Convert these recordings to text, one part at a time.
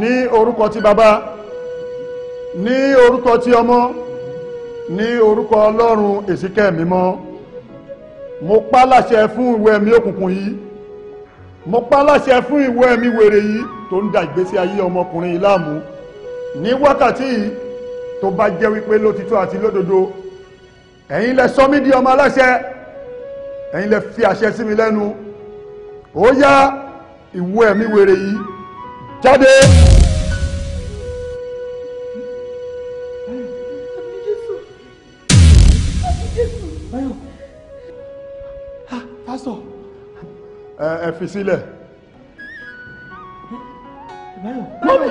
ní orúkọ ti bàbá ní orúkọ ti ọmọ ní orúkọ ọlọ́run èsìkẹ́ mímọ́ mo pa láṣẹ fún ìwé ẹ̀mí òkùnkùn yìí mo pa láṣẹ fún ìwé ẹ̀mí wèrè yìí tó ń da ìgbésí ayé ọmọkùnrin yìí láàmú ní wákàtí yìí tó bá jẹ́ wípé lótìtọ́ àti lódodo ẹ̀yin lẹ sọ mí di ọmọ aláṣẹ ẹ̀yin lẹ fi àṣẹ sí mi lẹ́nu ó yá ìwé ẹ̀mí wèrè yìí jáde. pásítọ̀. ẹ ẹ fi sílẹ̀. mọ́mí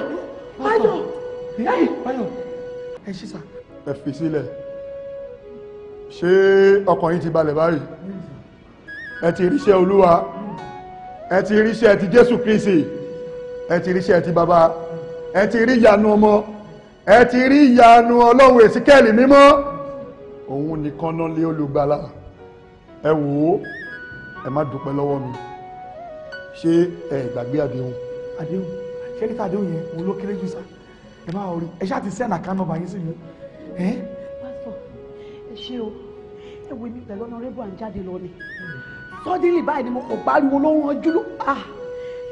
báyọ̀ báyọ̀ ẹ ṣí sà. ẹ fi sílẹ̀ ṣé ọkàn yín ti balẹ̀ báyìí ẹ ti ríṣẹ́ olúwa ẹ ti ríṣẹ́ ti jésù kristi ẹ ti rí iṣẹ́ ti bàbá ẹ ti rí ìyanu ọmọ ẹ ti rí ìyanu ọlọ́run èsíkẹ́ẹ̀lì mímọ́ òun nìkan náà lé olùgbàlà ẹ wò ó ẹ má dúpẹ́ lọ́wọ́ mi ṣé ẹ gbàgbé àdéhùn àdéhùn ṣé níta àdéhùn yẹn òun ló kéré jù sá ẹ má rí ẹ ṣáà ti sẹ́ẹ̀nà kan náà báyìí sí mi. pásítọ̀ ẹ ṣe o ẹ wo mi pẹ̀lú ọ̀nàrẹ́bù à ń jáde lọ ni sọ́dínlì báyìí ni mo kò pariwo lóhùn ọjọ́ ah.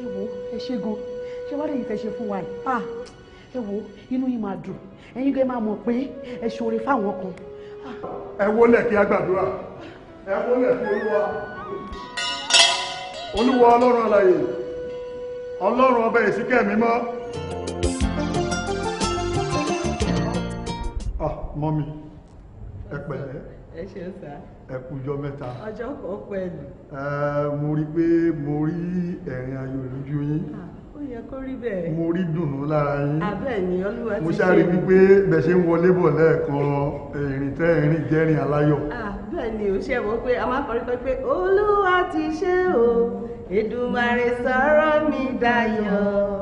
ẹ wo ẹ ṣe gan-an ṣé wàá lè yìí fẹ́ ṣe fún wa yìí ah ẹ wo inú yín máa dùn ẹ̀yin gan máa mọ̀ pé ẹ ṣoore fáwọn kan. Ah. ẹ wọlé kí a gbàdúrà ẹ wọlé kí olúwa olúwa ọlọ́run alààyè ọlọ́run ọba ìsìnkẹ́ mi mọ́. ah mọ́mi ẹ pẹ̀lẹ́ ẹ ṣe sá ẹ kújọ mẹ́ta ọjọ́ kan pẹ̀lú. mo rí i pé mo rí ẹ̀rín ayọ̀ lójú yín. Ah ó yẹ kó mo rí dùnú lára yín. mo ṣáà wípé bẹ̀ ń wọlé bọ̀ lẹ́ẹ̀kan ìrìn tẹ́ ìrìn jẹ́rìn aláyọ̀. bẹ́ẹ̀ ni ṣe mọ̀ pé a máa kọrin pé olúwa ti ṣe o Èdùmàrè sọ̀rọ̀ mi dayọ̀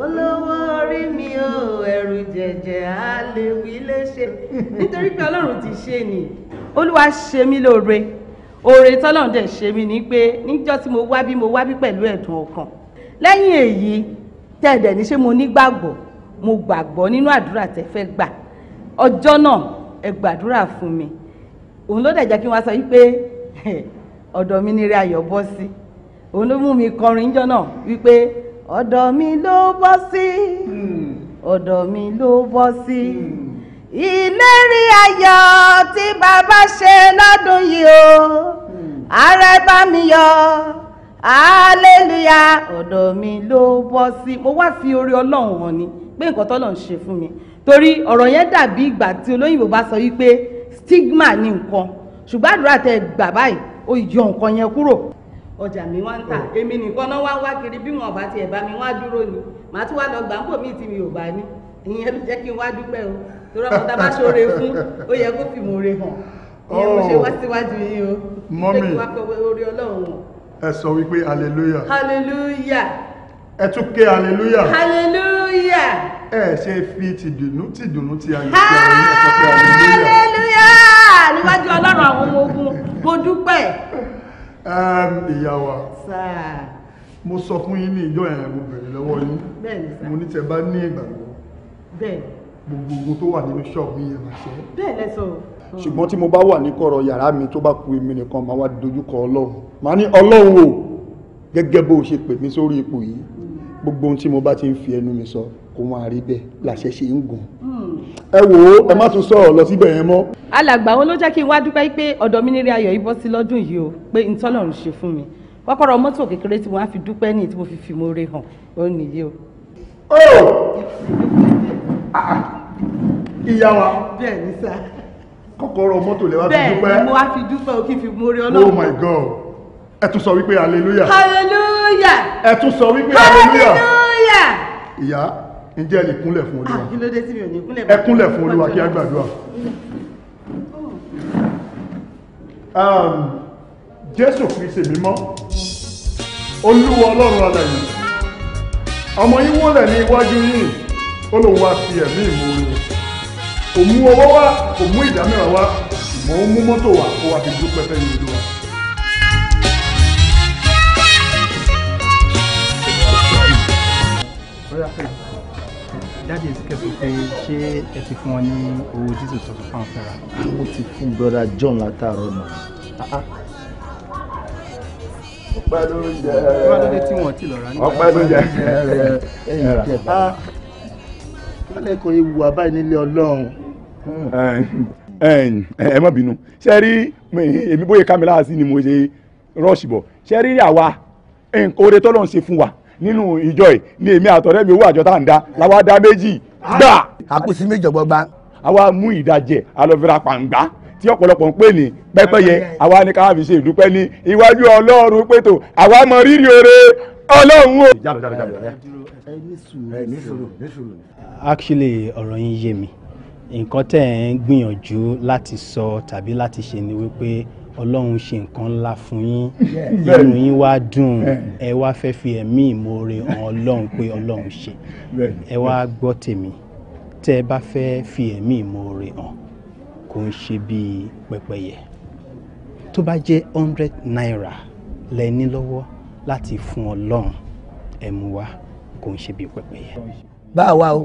olówó orí mi ò ẹ̀rù jẹ̀jẹ̀ á léṣe nítorí pé ọlọ́run ti ṣe ni olúwa ṣe mí lóore oore tọ́lọ́run dẹ̀ ṣe mí ni pé níjọ́ tí mo wá mo wá pẹ̀lú ẹ̀dùn ọkàn lẹ́yìn èyí tẹ́ẹ̀dẹ̀ ní ṣé mo nígbàgbọ́ mo gbàgbọ́ nínú àdúrà tẹ́ fẹ́ gbà ọjọ́ náà ẹ gbàdúrà fún mi òun ló dẹ̀ jẹ́ kí wọ́n sọ wípé ọ̀dọ̀ mi ni ire ayọ̀ bọ́ sí òun ló mú mi kọrin jọ náà wípé ọ̀dọ̀ mi ló bọ́ sí hmm. ọ̀dọ̀ mi ló bọ́ sí hmm. ìlérí ayọ̀ tí bàbá ṣe lọ́dún yìí o hmm. ààrẹ bá mi yọ̀ hallelujah ọ̀dọ̀ mi ló bọ́ sí mo wá fi orí ọlọ́run wọn ni pé nǹkan tọ́lọ́run ṣe fún mi torí ọ̀rọ̀ yẹn dàbí ìgbà tí olóyìnbó bá sọ wípé stigma ni nǹkan ṣùgbọ́n àdúrà tẹ gbà báyìí ó yọ nǹkan yẹn kúrò ọjà mi wá ń tà oh. èmi nìkan náà wá wá kiri bí wọn ọba tiẹ̀ bá mi wá dúró ni màá tún wá lọ gbà ń pò mí tí mi ò bá ní ìyẹn ló jẹ́ kí n wá dúpẹ́ o torí ọmọ tá a bá ṣoore fún ó yẹ kó fìmọ̀ re hàn ìyẹn mo ṣe wá síwájú yín o mọ́mí ó rí ọlọ́run wọn ẹ sọ wípé hallelujah hallelujah ẹ tún ké hallelujah hallelujah ẹ ṣe fi tìdùnnú tìdùnnú ti ayọ̀ ti ayọ̀ ẹ sọ pé hallelujah hallelujah níwájú ọlọ́run àwọn ọmọ ogun mo dúpẹ́. ìyá wa mo sọ fún yín ní ìjọ yẹn mo bèrè lọ́wọ́ yín mo ní tẹ bá ní ìgbàgbọ́ gbogbo tó wà nínú ṣọ́ọ̀bù yẹn máa ṣe. bẹ́ẹ̀ lẹ Hmm. ṣùgbọ́n tí mo bá wà ní kọ̀rọ̀ yàrá mi tó bá ku èmi nìkan máa wá dojúkọ ọlọ́run máa ní ọlọ́run o gẹ́gẹ́ bó ṣe pè mí sórí ipò yìí gbogbo ohun tí mo bá ti ń fi ẹnu mi sọ kó máa rí bẹ́ẹ̀ làṣẹ ṣe ń gùn hmm. ẹ wò ó ẹ má tún sọ̀rọ̀ lọ síbẹ̀ yẹn mọ́. alàgbà wọn ló jẹ́ kí n wá dúpẹ́ pé ọ̀dọ̀ mi nírí ayọ̀ yìí bọ́ sí lọ́dún yìí o pé ntọ́lọ́run ṣe fún mi kọ́kọ́rọ́ mọ́tò kékeré tí mo á fi dúpẹ́ ní tí mo fi fìmoore hàn ó nìyí o. ó oh! ah, ah. ìyá wa. bẹ́ẹ̀ ni sáà kọ́kọ́rọ́ mọ́tò lẹ́wà fi dúpẹ́ bẹ́ẹ̀ mo wá fi dúpẹ́ o kí fi mórí ọlọ́run oh my god ẹ tún sọ wípé hallelujah hallelujah ẹ tún sọ wípé hallelujah hallelujah ìyá ǹjẹ́ ẹ lè kúnlẹ̀ fún olúwa kí ló dé tí mi ò ní kúnlẹ̀ ẹ kúnlẹ̀ fún olúwa kí á gbàdúrà um, jésù kristi mímọ́ olúwa ọlọ́run alààyè ọmọ yín wólẹ̀ ní iwájú yìí ó lóun wá fi ẹ̀mí ìmoore kò mú owó wá kò mú ìdá mẹ́wàá wá ṣùgbọ́n ó mú mọ́tò wá kó wá fi dúpẹ́ fẹ́ yìí lọ́wọ́. jáde kẹsàn pé ṣé ẹ ti fún wọn ní owó dísù tuntun fáwọn fẹ́ra. mo ti fún broda John látàárọ̀ náà ah, ah. ọpẹ́ ló ń jẹ rẹ ọpẹ́ ló ń jẹ rẹ ẹyìn jẹ bá lálẹ́ kò ewu àbáyé nílé Ọlọ́run ẹ má bínú ṣe èmi bóyá kámẹ́lá sí ni mo ṣe rọ́ọ̀ṣì bọ̀ ṣe rí àwa oore tọ́lọ́run ṣe fún wa nínú ìjọ yìí ni èmi àtọ̀rẹ́ mi owó àjọ tá à ń dá làwa dá méjì gbà. àkùsí méjì ọgbọgba. àwa mú ìdajẹ alọ́fẹ́ra pàǹgbá tí ọ̀pọ̀lọpọ̀ ń pè ní pẹ́pẹ́yẹ àwa ni káwá fi ṣe ìdúpẹ́ ní iwájú ọlọ́run pẹ̀tọ̀ àwa mọ rírì oore ọlọ́run o. actually ọ̀rọ̀ yín yé mi nǹkan tẹ̀ ń gbìyànjú láti sọ tàbí láti ṣe ni wípé ọlọ́run ṣe nǹkan ńlá fún yín inú yín wá dùn ẹ wá fẹ́ fi ẹ̀mí ìmoore hàn ọlọ́run pé ọlọ́run ṣe ẹ wá gbọ́ tèmi tẹ́ ẹ bá fẹ́ fi ẹ̀mí ìmoore hàn kò ń ṣe bíi pẹ́pẹ́yẹ tó bá jẹ́ hundred naira lẹ ní lọ́wọ́ láti fún ọlọ́run ẹ mú wá kò ń ṣe bíi pẹ́pẹ́yẹ. báwa o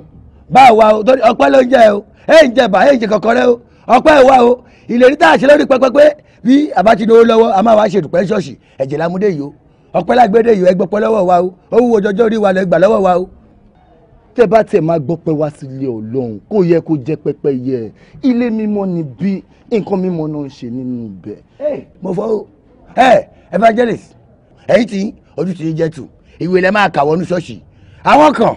bá wa o torí ọpẹ́ ló ń jẹ o ẹ̀ ń jẹ bá ẹ̀ ń jẹ kọ̀kọ́rẹ́ o ọpẹ́ wa o ìlérí tá a ṣe lórí pẹpẹpẹ bí àbátinú owó lọ́wọ́ a máa wá ṣe ìdùpẹ́ ṣọ́ọ̀ṣì ẹ̀jẹ̀ lámúdé yìí o ọpẹ́ lágbédè yìí ẹgbọ́pẹ́ lọ́wọ́ wa o ó wúwo jọjọ́ orí wa lẹ́gbà lọ́wọ́ wa o. tẹ bá tiẹ̀ máa gbọ́pẹ́ wá sílé ọlọ́run kó yẹ kó jẹ́ pẹ́pẹ́ yẹ ilé mímọ́ ni bí nǹkan mímọ́ náà ń ṣe nínú ibẹ̀. mo fọ́ ẹ evangelist ẹ̀yìn tí ojú ti jẹ́ tù ìwé lẹ́ máa kà wọnú ṣọ́ọ̀ṣì àwọn kan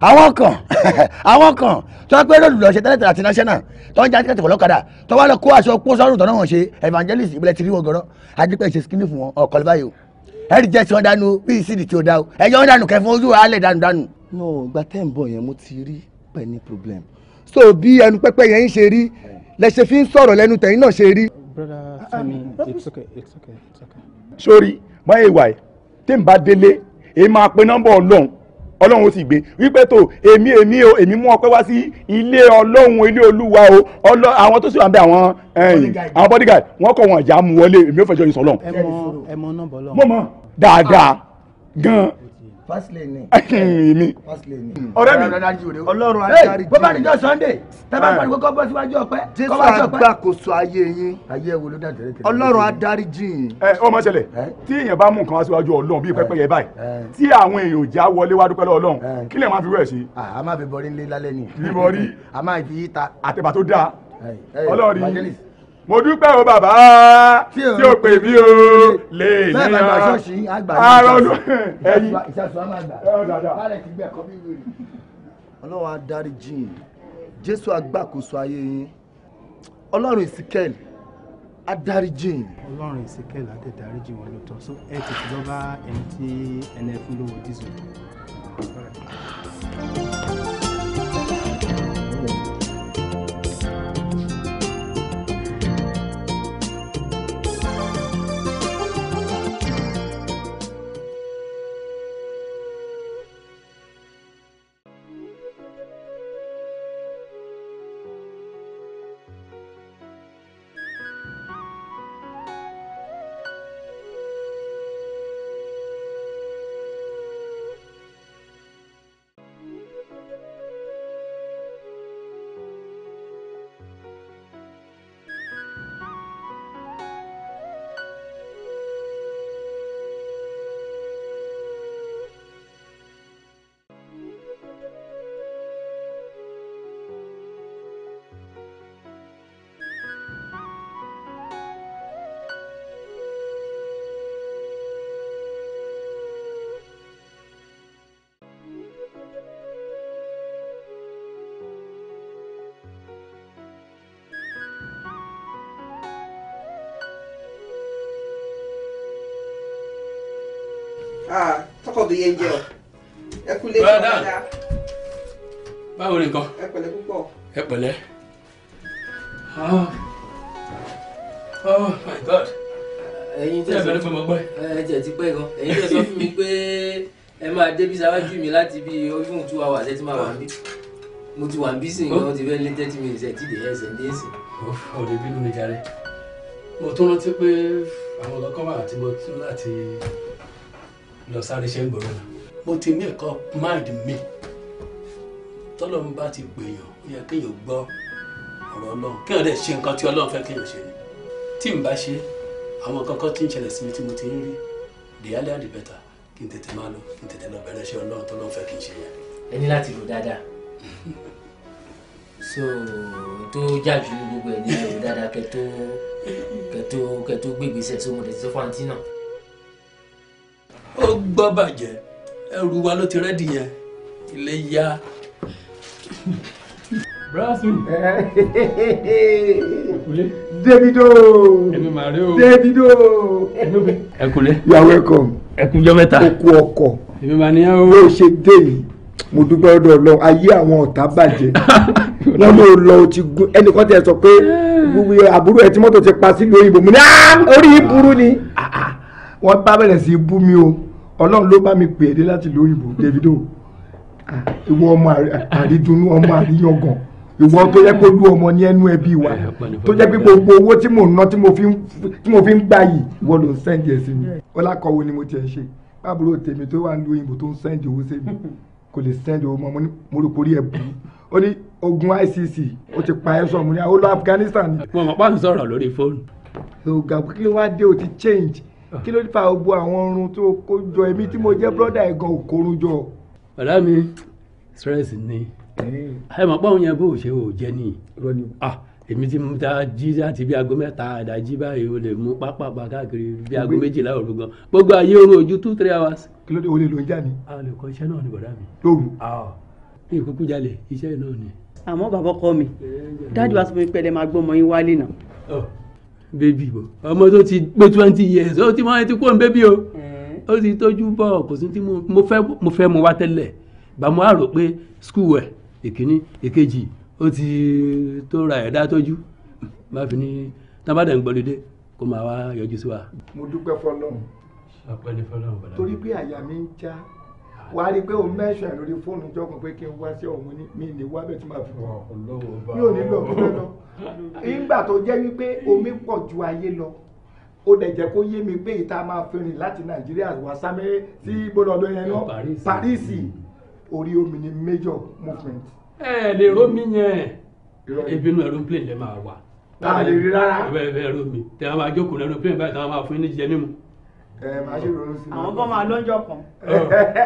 àwọn kan àwọn kan tó wá pé ròdù lọ ṣe tẹ́lẹ̀tẹ́lẹ̀ àti national tó ń já tíkẹ́tì fọlọ́kadà tó wá lọ kó aṣọ kó sọ́rùn tó náà wọ́n ṣe evangelist ìbílẹ̀ ti rí wọn gọ́rọ́ ajípẹ́ ṣe skinny fún wọn ọkọ̀ báyìí o ẹ̀rí jẹ́ tí wọ́n dánú bíi sídì tí ó dá o ẹ̀yọ́ wọn dànù kẹfún ojú alẹ́ dànù dànù. no ìgbà tẹ́ ń bọ̀ yẹn mo ti rí pẹ̀ ní problem so bí ẹnu pẹ́pẹ́ yẹn ń ṣe rí lẹ ṣe fi ń sọ̀rọ̀ lẹ́nu tẹ̀yìn náà ṣe rí. brother Femi okay okay okay. sori báyìí wàyí tí n bá délé èyí máa pe nọ́mbà ọlọ́run ọlọ́run ó sì gbé wípé tó èmi èmi o èmi mú ọpẹ́ wá sí ilé ọlọ́run ilé olúwa o ọlọ́ àwọn tó sì wà ń bẹ àwọn àwọn bodyguard wọn kọ̀ wọn ìjà mú wọlé èmi ò fẹjọ́ yín sọ lọ́hùn. ẹ náà bọ́ lọ́hùn. mọ̀ dáadáa ah. gan-an fásilẹ̀nì. èmi hmm. ọ̀rẹ́ mi ọlọ́run ajáre jù. bó bá dijọ́ sunday tábà ah. pàdé kókó bọ́ síwájú ọpẹ́. jésù agbàkóso ayé yín. ayé wo ló dàtẹ̀rẹ̀ tẹ̀lé. ọlọ́run adárí jìn. ẹ ó máa ṣẹlẹ̀ tí èèyàn bá mú nǹkan wá síwájú ọlọ́run bíi pẹ́pẹ́yẹ báyìí tí àwọn èèyàn já wọlé wá dúpẹ́ lọ́wọ́ ọlọ́run kí lè máa fi wẹ̀ ṣe. Ah, a máa fi bọrí lé lálẹ́ ni. bíbọrí. àtẹ̀bà tó dáa. ọlọ́run mo dúpẹ́ o bàbá tí o pè mí o lè ní ọ ara ọdún ẹyin ọlọ́run adarí jìn jésù agbákòóso ayé yín ọlọ́run ìsìkẹ́lì adarí jìn. ọlọ́run ìsìkẹ́lì adẹ́darí jìn wọn lóòótọ́ so ẹ tètè lọ bá ẹni tí ẹni ẹ fún lówó dísù. Ah, tọkọ tó yẹ ń jẹ o ẹ kú lé tó dáadáa. báwo ni nǹkan. ẹ pẹ̀lẹ́ púpọ̀. Ah. oh my god. ẹ̀yin tẹ sọ fún mi ẹ jẹ ti pẹ́ gan ẹ̀yin tẹ sọ fún mi pé ẹ máa débi sáwájú mi láti bí orígun two hours ẹ ti máa wà níbí mo ti wà níbí sìn gan oh. ti fẹ́ lé thirty minutes ẹ ti dè ẹsẹ̀ dé sìn. ọ̀rẹ́ bínú mi jàre mo tún rántí pé àwọn ọlọ́kọ́ wà tí mo tún láti lọ sáré ṣe ń gbòòrò náà mo ti ní ẹ̀kọ́ mind mi tọ́lọ́run bá ti gbèyàn ó yẹ kéèyàn gbọ́ ọ̀rọ̀ ọlọ́run kéèyàn dẹ̀ ṣe nǹkan tí ọlọ́run fẹ́ kéèyàn ṣe ni tí n bá ṣe àwọn kankan tí ń ṣẹlẹ̀ sí mi tí mo ti ń rí the earlier the better kí n tètè máa lọ kí n tètè lọ bẹ̀rẹ̀ ṣe ọlọ́run tọ́lọ́run fẹ́ kí n ṣe yẹn. ẹ ní láti lò dáadáa so tó jájú gbogbo ẹ ní lò dáadáa kẹ tó kẹ tó tó mo dẹ̀ ti fún àǹtí náà ó gbọ́ bàjẹ́ ẹrù wa ló ti rẹ́dì yẹn ilé yá. brasil. ẹkùlé. davido. èmi mà rí o. davido. ẹkùlé. you are welcome. ẹkùnjọ mẹ́ta. o kú ọkọ. èmi mà níyà o. bó o ṣe dé yìí mo dúpẹ́ ọ̀dọ̀ ọlọ́run ayé àwọn ọ̀tá bàjẹ́ wọ́n ló lọ o ti gun ẹnìkan tẹ̀ sọ pé àbúrò ẹ̀ tí mọ́tò ti pa sílùú òyìnbó mo ní ah, orí burú ni ah, ah. wọ́n bá bẹ̀rẹ̀ sí bú mi o ọlọ́run ló bá mi pè é dé láti ìlú òyìnbó Davido ìwọ ọmọ àrídùnnú ọmọ àríyàngàn ìwọ tó yẹ kó lú ọmọ ní ẹnu ẹbí wa tó jẹ́ pé gbogbo owó tí mò ń ná tí mo fi ń gbà yìí ìwọ ló ń sẹ́ǹdì ẹ̀ sí mi ọlákọ̀wé ni mo tiẹ̀ ṣe báàbúrò tèmi tó wà nílùú òyìnbó tó ń sẹ́ǹdì owó sí mi kò lè sẹ́ǹdì owó mọ́ mo rò kórí ẹ̀ bù ó ní ogun ICC ó ti pa ẹ́ sọ ní àwọn olú Afghanistan ni. mo mọ̀ pàṣẹ sọ̀rọ̀ lórí fóònù. so gàgbé kí change Ah. kí ló fa gbogbo àwọn oorun tó kó jọ èmi tí mo jẹ́ brọ́dà ẹ̀ gan òkòrun jọ. ọ̀la mi stress ni ẹ mọ̀ pọ́n yẹn bó ṣe ò jẹ́ nìyí ah, èmi tí mo ta jí láti bí aago mẹ́ta àdájí báyìí o lè mú pápá pa káàkiri bí aago méjìlá òru gan gbogbo ayé oorun ojú two three hours. kí ló dé olè ló ń jà ní. a lè kọ iṣẹ́ náà ní bọ̀dá mi. lóru. ní ah, ìkúkú jalè iṣẹ́ náà ni. àmọ́ bàbá ọkọ mi dájú wa sọ fún mi pé ẹ máa gbọ́ ọmọ yín wálé náà. Oh bébì bọ̀ ọmọ tó ti pé twenty years ó ti máa ti kó ń bébì o mm. ó ti tójú bọ̀ kò sí tí mo fẹ́ mo fẹ́ mo wá tẹ́lẹ̀ bàmú àrò pé skul ẹ̀ ìkíní èkejì ó ti tó ra ẹ̀dá tójú má fi ní tábàdàn ń gbọ́lódé kó máa wá yọjú sí wa. mo dúpẹ́ fọlọ́run torí pé àyà mi ń já wà á rí i pé òun mẹ́sàn-án lórí fóònù jọ́kùn pé kí n wá sí ọ̀hún ní mi ní wá bẹ́ẹ̀ tí màá fi wọ́n yóò nílò ọ̀hún lọ́nà ìgbà tó jẹ́ wípé omi pọ̀ ju ayé lọ ó dẹ̀ jẹ́ kó yé mi pé ìta máa fi rìn láti nàìjíríà wá sámẹ́ sí gbọ́dọ̀dọ̀ yẹn lọ Paris orí omi ni major movement. ẹ lè rómi yẹn ìbínú aeroplane lè máa wà. táà lè rí rárá. ẹ bẹ ẹ rómi tẹ àwọn àjọkùnrin aeroplane báyìí táwọn máa fún yín ní jẹ mímu ẹ máa ṣe ronú sí i. àwọn kan máa lọ́jọ́ kan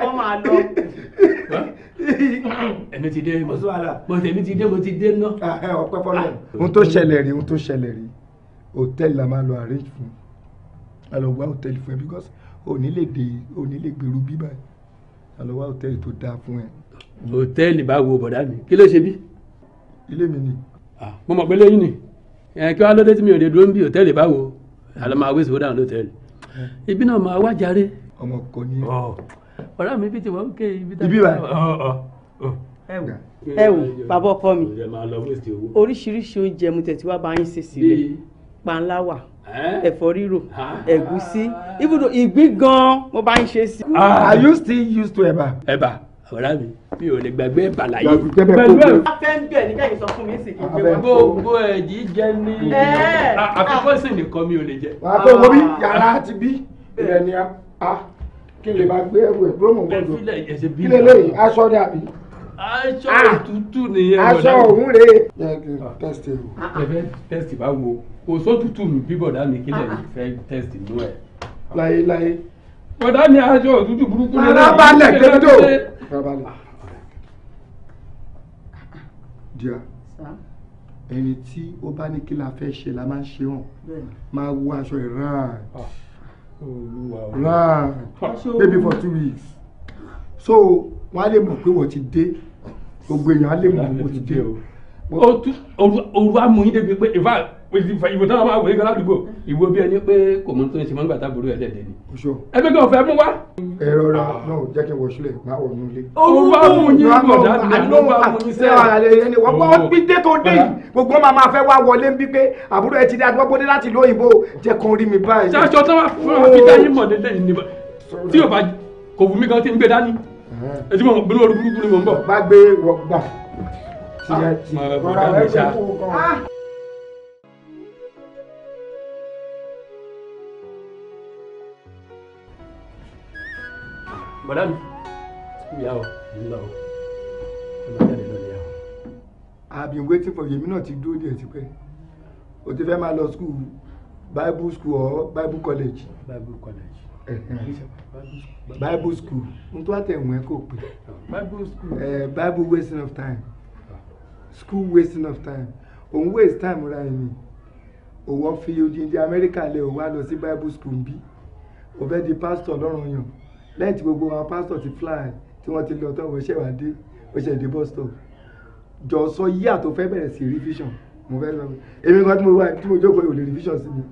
kan máa lọ. èmi ti dé mo mo tèmi ti dé mo ti dé ná. Ah, ọpẹ́ fọlọ ah. ohun tó ṣẹlẹ̀ rí ohun tó ṣẹlẹ̀ rí hòtẹ́ẹ̀lì la máa lọ arrange fún a lọ wá hòtẹ́ẹ̀lì fún ẹ because òní lè dé òní lè gbèrú bíbá ẹ a lọ wá hòtẹ́ẹ̀lì tó dáa fún ẹ. hòtẹ́ẹ̀lì bá wo bọ̀dá mi kí ló ṣe bí. ilé mi ni. mo mọ̀ pé lẹ́yìn ni kí wàá lọ́dẹ́ tí mi ò lè dúró ń bí hòtẹ́ẹ̀lì bá wo àlọ́ máa wé sòwò dáhùn lọ́tẹ́ẹ̀lì. Eh, ibi náà máa wá jàre. ọmọ kò ní. ọ̀rẹ́ mi bí ti wọ́n ké ibi tá a. ibi bá ẹ wò ẹ wò bàbá ọkọ mi oríṣiríṣi oúnjẹ mo tẹ̀ tí wàá bá yín ṣe sílẹ̀ panla ẹ̀fọ́ rírò ẹ̀gúsí ibùdó ìgbín gan mo bá yín ṣe sí. Ah. Ah. are you still used to ẹ̀bà. ẹ̀bà ọ̀rá mi mi ò lè gbàgbé ìbàlàyé pẹ̀lú ẹ̀. a fẹ́ ń bẹ̀ ní kẹ́yìn sọ fún mi sì kí n gbé wọn. gbogbo ẹ̀jì jẹ́ ní àfikún ah. sì nìkan mi ò lè jẹ. wàá tó wọ́n ah. bí yàrá ti bí ilẹ̀ ni a kí n lè máa gbé ẹrù ẹ̀ dúró mọ̀ gbọ́dọ̀ kí lè lè aṣọ ni àbí. aṣọ ah. òtútù nìyẹn wọ̀nyẹn. aṣọ òun rèé. tẹ́sítì o. ẹ̀fẹ́ tẹ́sítì bá wo kò sótútù mi bíbọ̀dá mi kílẹ̀ mi fẹ́ tẹ́sítì nú ẹ̀. láyé láyé. bọ̀dá ni aṣọ òtútù burúkú lẹ́yìn. alábàálẹ̀ kẹ́tọ́ farabalẹ̀ ah, díà ẹni tí ó bá ní kí la fẹ́ ṣe la máa ń ṣe hàn máa wọ aṣọ ẹ̀ ráàd ráàd baby for two weeks so wọ́n á lè mọ̀ pé wọ́n ti dé gbogbo èèyàn á lè mọ̀ pé wọ́n ti dé o. olú amúyín débi pé ìfà ìwò táwọn máa wòye kan ládùúgbò ìwò bí ẹni pé kò mọ tó ń ṣe mọ́ nígbà táàbùrú ẹ̀ dẹ̀dẹ̀ ni. ẹgbẹ́ kan fẹ́ mú wá. ẹ rọra náà jẹ́ kí n wọṣú lẹ̀ máa wọ̀ nù lé. owó bá mú yín bọ̀ dáadáa ló bá mú yín sẹ́yìn. wọ́n gbọ́ bí dé tó dé yìí gbogbo máa máa fẹ́ wá wọlé ń bí pé àbúrò ẹ ti dá gbọ́ bóde láti lóyìnbó jẹ́ kan rí mi báyìí. ṣáṣọ tó wá fún wa fi dá yín mọ̀ tí yóò bá kò wù mí gan tí ń gbé dání ètí eh. mo gbé lórí burúkú ni mo ń bọ̀. bá gbé wọ gbà. Ah, bọ̀dá mi ìyá o ìlà o ẹ been waiting for you èmi náà ti dúró díẹ̀ tipẹ́ o ti fẹ́ máa lọ school bible school bible college. bible college. bible school n tó àtẹ̀wọ̀n ẹ kò pè. bible school. bible wasting of time school wasting of time òun waste time ra ẹni òwò fi odindi amẹ́ríkà lẹ̀ òun wá lọ sí bible school bí òun fẹ́ di pastor lọ́rùn yàn lẹ́yìn tí gbogbo àwọn pásítọ̀ ti fly tí wọ́n ti lọ tán wọ́n ṣẹ̀ wá dé wọ́n ṣẹ̀ dé bus stop jọ sọ yí àtò fẹ́ bẹ̀rẹ̀ sí revision mo fẹ́ lọ èmi kan tí mo wá tí mo jókòó yòó lè revision sí mi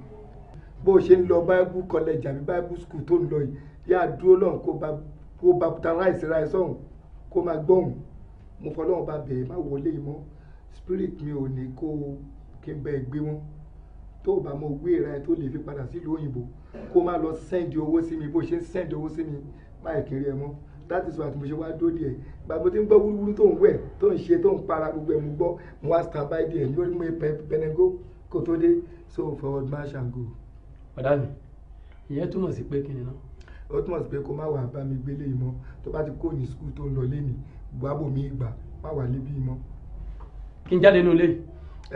bó ṣe ń lọ bible college àbí bible school tó ń lọ yìí yáa dúró lọ́hùn kó baptize ra ẹ sọ́hùn kó máa gbọ́hùn mo fọlọ́hùn bá bẹ̀ẹ́ má wọlé yìí mọ́ spirit mi ò ní kó kí n bẹ́ẹ̀ gbé wọn tó o bá mọ owó ìra ẹ tó lè fi padà sílùú òyìnbó kó má lọ sẹ́ndì owó sí mi bó ṣe ń sẹ́ndì owó sí mi má ẹ̀ kiri ẹ mọ́ that is why mo ṣe wá dóde ẹ̀ gbàgbó tí ń gbọ́ wúrúwúrú tó ń wẹ̀ tó ń ṣe tó ń para gbogbo ẹ̀ mo gbọ́ mo wá standby díẹ̀ lórí mo pẹnẹgó kó tó dé so forward march and go. ọ̀dà mi ìyẹn túmọ̀ sí pé kí ni náà. ó túmọ̀ sí pé kó má wàá bá mi gbélé yìí mọ́ tó bá ti kó ní skul tó ń lọ lé mi gbàgbó mi gbà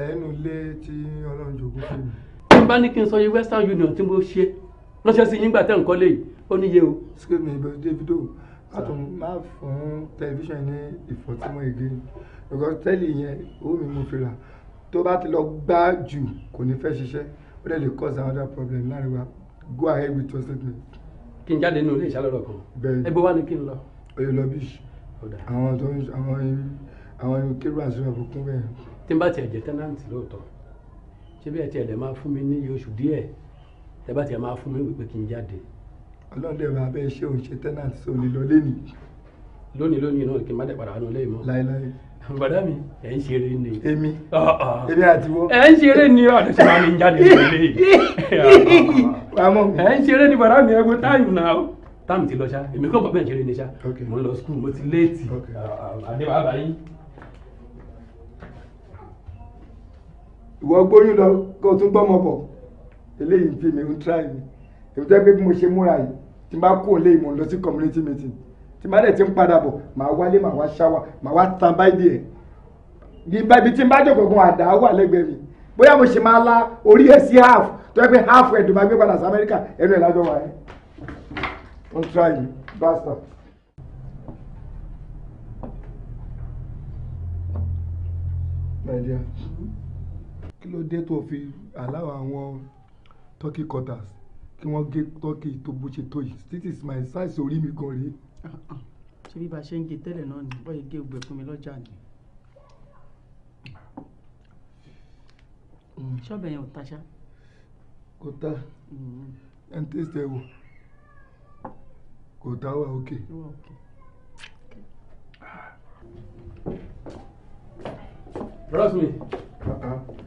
ẹnu ilé tí ọlọ́run jogún fún mi. tí n bá ní kí n sọ iye western union tí mo ṣe lọ́sẹ̀ sí yíngbà tẹ̀ ń kọ́lé yìí ó níye o. excuse me but davido pàtó máa fún tẹlifíṣàn ní ìfọ̀tímọ̀ ègé because tẹ́lì yẹn owó mi mo fi rà tó bá ti lọ gbá jù kò ní fẹ́ ṣiṣẹ́ ó dẹ̀ lè cause another problem láàrin wa go ahead with your statement. kí n jáde nínú ilé ìṣàlọ́rọ̀ kan ẹgbẹ́ wa ni kí n lọ. oyè lọ bí àwọn tó ń àwọn àwọn kéwàá sí ọ̀bùkún bẹ́ẹ̀ tí n bá tiẹ̀ jẹ́ tẹ́nàntì lóòótọ́ ṣé bí ẹ tiẹ̀ lè máa fún mi ní oṣù díẹ̀ tẹ bá tiẹ̀ máa fún mi wípé kí n jáde. ọlọ́dẹ máa bẹ́ẹ̀ ṣé òun ṣe tẹ́nàntì sí olè lọ lẹ́nìí. lónìí lónìí náà kí n má dẹ̀ padà wà lónìí mọ́. láéláé. bàdá mi ẹ̀ ń ṣeré ni. èmi ah, ah. èmi àti wọ́. ẹ̀ ń ṣeré ni ọ̀dọ̀ ṣe máa mi ń jáde lónìí. ẹ̀ ń ṣeré ni bàdá mi ẹ̀ gbé táyù náà táàmù ti lọ ṣá èmi kọ́ bọ̀ bẹ́ẹ̀ ṣeré ni ṣá mo lọ skul mo ti léètì àdébàbà yín. ìwọ gbóyún lọ kó o tún gbọ́mọ bọ̀ eléyìí fi mi ń try mi èmi tẹ́ pé bí mo ṣe múra yìí tí n bá kú òlé ìmọ̀ lọ sí community meeting tí n bá dẹ̀ ti ń padà bọ̀ màá wálé màá wá ṣáwà màá wá tan báyìí ẹ̀ bí ibi tí n bá jókòó gan àdá wà lẹ́gbẹ̀ẹ́ mi bóyá mo ṣe máa la orí ẹ̀ sí half tó yẹ pé half ẹ̀ dùn máa gbé padà sí Amẹ́ríkà ẹnu ẹ̀ lájọ wà ẹ́ ń try mi basta. My dear kí ló dé tó fi allow àwọn turkey cutters kí wọ́n gé turkey tó bó ṣe tó yìí this is my size orí mi gan rèé. ṣé bí bá ṣe ń gé tẹ́lẹ̀ náà ni bọ́ọ̀ yìí gé ogbè fún mi lọ́jà ni. Hmm. ṣọ́ọ̀bù yẹn ò ta ṣá. kò ta hmm. ẹ̀ ń tẹ̀sẹ̀ wò kò ta wà òkè. Trust me.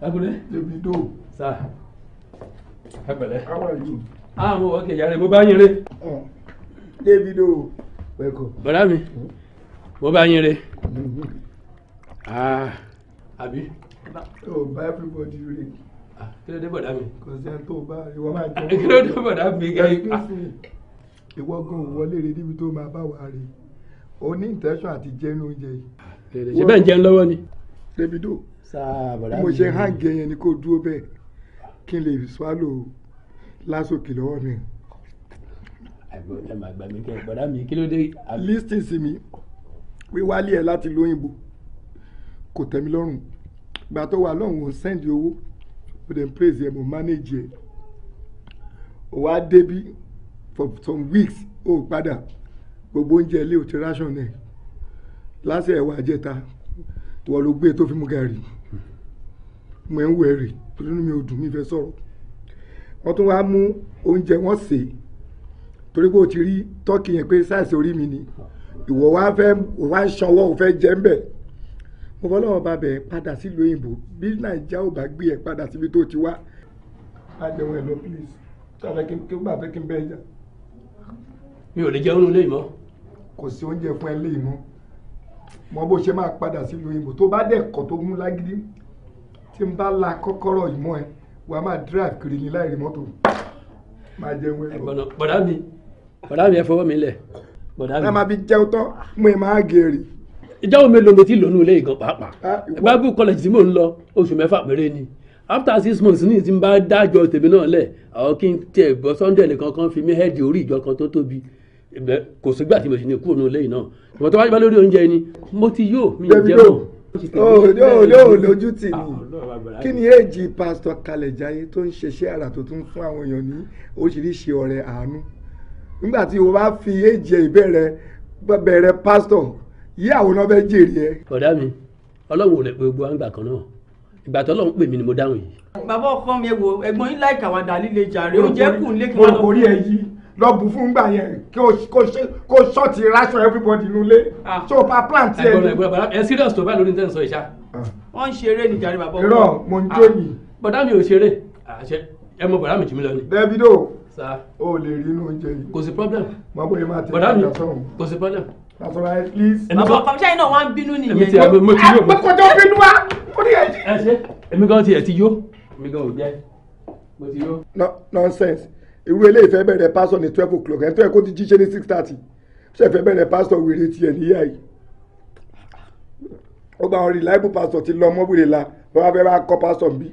Abúlé. Davido. Sá. Ẹ pẹ̀lẹ́. How are you? Ah, mo wọ́n kẹ̀yà rẹ̀, mo bá yín re. Davido. Wẹ́kọ̀. Bọ̀dá mi, mo bá yín re. Ah, àbí. O bá everybody re. Ah, kí ló dé bọ̀dá mi? Kò sí ẹni tó bá ìwọ máa jẹ́. Kí ló dé bọ̀dá mi? Ìwọ gan wọlé rè níbi tó máa bá wa rè. O ní intention àti jẹun oúnjẹ yìí. Ah, Ṣé bẹ́ẹ̀ ń jẹun lọ́wọ́ ni? Davido mo ṣe hàǹgẹ̀ yẹn ni kò dúró bẹ́ẹ̀ kí n lè swallow lásòkè lọ́wọ́ mi. ẹ máa gbà mí kẹ bọ̀dá mi kí ló dé. listing sí mi wíwálé ẹ láti lóyìnbó kò tẹ́ lọ́rùn gbà tó wà lọ́hùn ò sẹ́ndì owó ó dẹ̀ praise ẹ̀ mo manage ẹ̀ ó wá débí for some weeks oh padà gbogbo oúnjẹ ilé ò ti ration ẹ̀ lásìkò ẹ̀wà àjẹta ìwọ ló gbé e tó fi mú gàrí mo ń wẹ̀rì torí mi ò dùn mí fẹ́ sọ̀rọ̀ wọ́n tún wá mú oúnjẹ wọn sè torí pé o ti rí tọ́kì yẹn pé sáìsì orí mi ni ìwọ wá fẹ́ wá ń ṣanwọ́ ò fẹ́ jẹ́ ń bẹ̀ mo fọ́ lọ́wọ́ bá bẹ̀ padà sílùú òyìnbó bí nàìjíríà ò bá gbé ẹ̀ padà síbi tó ti wá àjẹwò ẹ̀ lọ please sọ̀rọ̀ kí n bá fẹ́ kí n bẹ́ẹ̀ jà. mi ò lè jẹun nílé ìmọ̀. kò sí oúnjẹ fún ẹ lé ìmọ̀ mọ bó ṣe máa padà sílùú òyìnbó tó bá dẹ̀ kọ́ tó mú lágídí tí n bá la kọ́kọ́rọ́ yìí mọ́ ẹ wàá máa drive kiri ni láì rí mọ́tò máa jẹun ẹ. ẹ̀gbọ́n náà bọ̀dá mi bọ̀dá mi ẹ fọwọ́ mi lẹ̀ bọ̀dá mi. ẹ máa fi jẹun tán mo máa gèrè. ìjọ wo mélòó mo ti lò ní ilé ìgan pàápàá ah, bible college tí mò ń lọ oṣù mẹ́fà péré ni after six months ní ti bá dájọ tèmi náà lẹ̀ àwọn kí n tiẹ̀ bọ́ sunday nìkan kan fi mí hẹ́ẹ̀dì orí ìjọ kan tó tóbi kò sígbà tí mo sì ní kúrò ní ilé yìí náà ìmọ̀tọ́ wájú bá lórí oúnjẹ ni mo ti yó mi ì jẹun olóò lójú tì mí ah, kí ni èjì pásítọ̀ Kalẹ̀ Jaiye tó ń ṣe iṣẹ́ àrà tó tún fún àwọn èèyàn ní oríṣiríṣi ọrẹ àánú nígbà tí o bá fi èjì ìbẹ̀rẹ̀ bẹ̀rẹ̀ pásítọ̀ yí àwòrán bẹ jèrè ẹ. ọ̀dà mi ọlọ́run ò lè pe gbogbo kan náà ìgbà tó lọ́run pè mí ni mo dáhùn yìí. bàbá ọkọ mi wo ẹ̀gbọ́n yín láìka wàdà líle jàre ó jẹ́ kùn lé lọ. mo kò rí ẹ yí lọ bù fún gbà yẹn kó ṣọ́ọ̀tì ráṣọ everybody nulẹ̀ ah. so pa plan tiẹ̀ ni. ẹgbẹ́ ẹgbẹ́ bàbá ẹ serious tó báyìí lórí ní tẹ́sán ìṣá. Ah. wọ́n ń ṣeré ní jàre bàbá. irọ́ mo ń ah. jó ni. bọ̀dá mi ò ṣeré ẹ mọ bọ̀dá mi jù mí lọ ni. Davido o lè rí inú oúnjẹ yìí. kò sí problem. mo bọ̀ yìí máa tẹ̀ ẹ́ lọ́sọ̀rọ̀. kò sí problem. lọ́sọ̀rọ̀ ẹ please. bàbá ṣáà iná wa ń bínú nìyẹn. èmi ti àgbẹ̀ mo ti yó. ẹ kọjá bínú wa. ẹ ṣe èmi gan ti nonsense irú eléyìí fẹ́ bẹ̀rẹ̀ pásọ̀ ní twelve o'clock ẹ̀ tó yẹ kó ti jíṣẹ́ ní six thirty ṣe fẹ́ bẹ̀rẹ̀ pásọ̀ wèrè tiẹ̀ níyà yìí ó gba àwọn reliable pásọ̀ ti lọ mọ́wèrè la wọ́n wá fẹ́ bá kọ́ pásọ̀ bí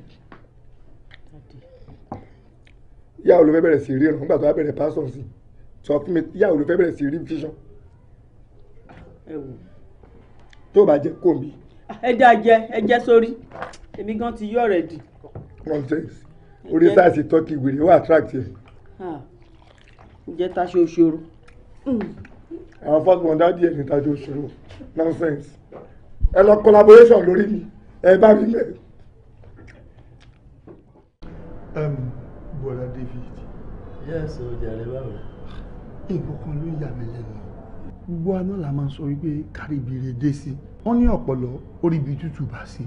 yàwó ló fẹ́ bẹ̀rẹ̀ sí ríran nígbà tó wá bẹ̀rẹ̀ pásọ̀ sí sọ fún mi yàwó ló fẹ́ bẹ̀rẹ̀ sí rí fíṣàn tó bá jẹ kó mi. ẹ jẹ́ ajẹ́ ẹ jẹ́ sórí èmi gan ti yọ̀ rẹ̀ dì. nonsense orí sáà sì tọ́kì wèrè ó attract yẹn. Ah, ǹjẹ́ ta ṣe òṣòro. Hmm. àwọn fọ́gbọ̀n dádì ẹ̀ ní ta ṣe òṣòro nonsense ẹ lọ collaboration lórí mi ẹ bá mi lẹ. bọ́lá david. yẹ́sì ọjà rẹ báwo. nǹkan ló ń yà mí lẹ́nu gbogbo aná la máa ń sọ wípé kárìbìrì dé sí wọn ní ọpọlọ orí ibi tútù bá sí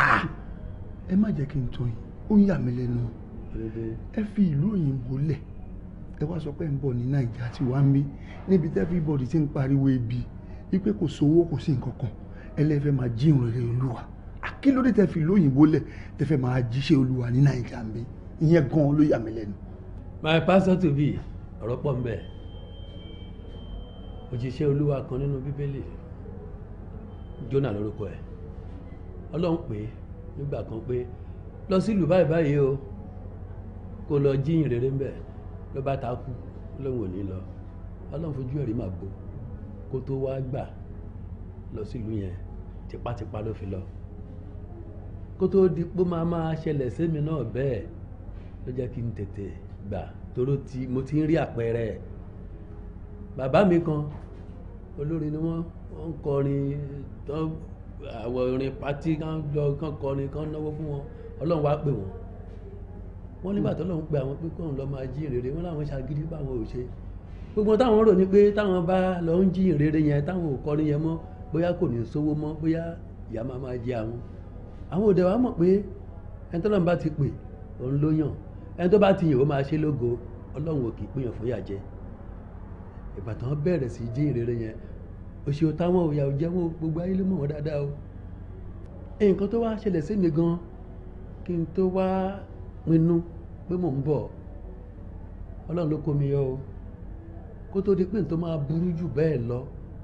ah! ẹ má jẹ́ kí n tọ́ yìí ó ń yà mí lẹ́nu ẹ fi ìlú òyìnbó lẹ̀ ẹ wá sọ pé ń bọ̀ ní nàìjíríà tí wàá mí níbi tí everybody ti ń pariwo ebi wípé kò sówó kò sí nǹkan kan ẹlẹ́fẹ́ máa jí ìrìnrere olúwa akílódé tẹ fi lóyìnbó lẹ̀ tẹ máa jíṣẹ́ olúwa ní nàìjíríà ń bí ìyẹn gan ló yà mí lẹ́nu. my pastor to be ọ̀rọ̀ pọ̀ mbẹ́ òjíṣẹ́ olúwa kan nínú bíbélì Jónà lórúkọ ẹ̀ ọlọ́run pé nígbà kan pé lọ sílùú báyìí báyìí o kó lọ jíyìn rere ń ló bá ta kú lóun ò ní lọ ọlọ́run fojú ẹ̀rí máa bo kó tó wá gbà lọ sílùú yẹn tipátipá ló fi lọ kó tó di pé máa máa ṣẹlẹ̀ sẹ́mi náà bẹ́ẹ̀ ló jẹ́ kí n tètè gbà toró ti mo ti ń rí àpẹẹrẹ bàbá mi kan olórin ni wọ́n ń kọrin tán àwọn orin pátí kan lọ kán kọrin kán náwó fún wọn ọlọ́run wá pè wọ́n wọ́n nígbà hmm. tó lọ́n pe àwọn pé kóun lọ́ọ́ máa jí ìrere wọ́n láwọn ṣàgídí báwọn ò ṣe gbogbo táwọn rò ní pé táwọn bá lọ ń jí ìrere yẹn táwọn ò kọrin yẹn mọ́ bóyá kò ní sówó mọ́ bóyá ìyá máa máa jẹ àwọn àwọn òde wa mọ̀ pé ẹni tó lọ́n bá ti pè òun ló yàn ẹni tó bá ti yàn ó máa ṣe lógo ọlọ́run ò kì í pín yàn fún yà jẹ ìbàdàn bẹ̀rẹ̀ sí jí ìrere yẹn òṣèlú táwọn òyà òjẹ́wọ́ gbogbo ayé ló mọ̀ wọ́n dáadáa o nǹkan tó wá ṣẹlẹ̀ sí mi gan kí n tó wá pinnu pé mò ń bọ̀ ọlọ́run ló kó mi yọ o kó tó di pé n tó máa burú jù bẹ́ẹ̀ lọ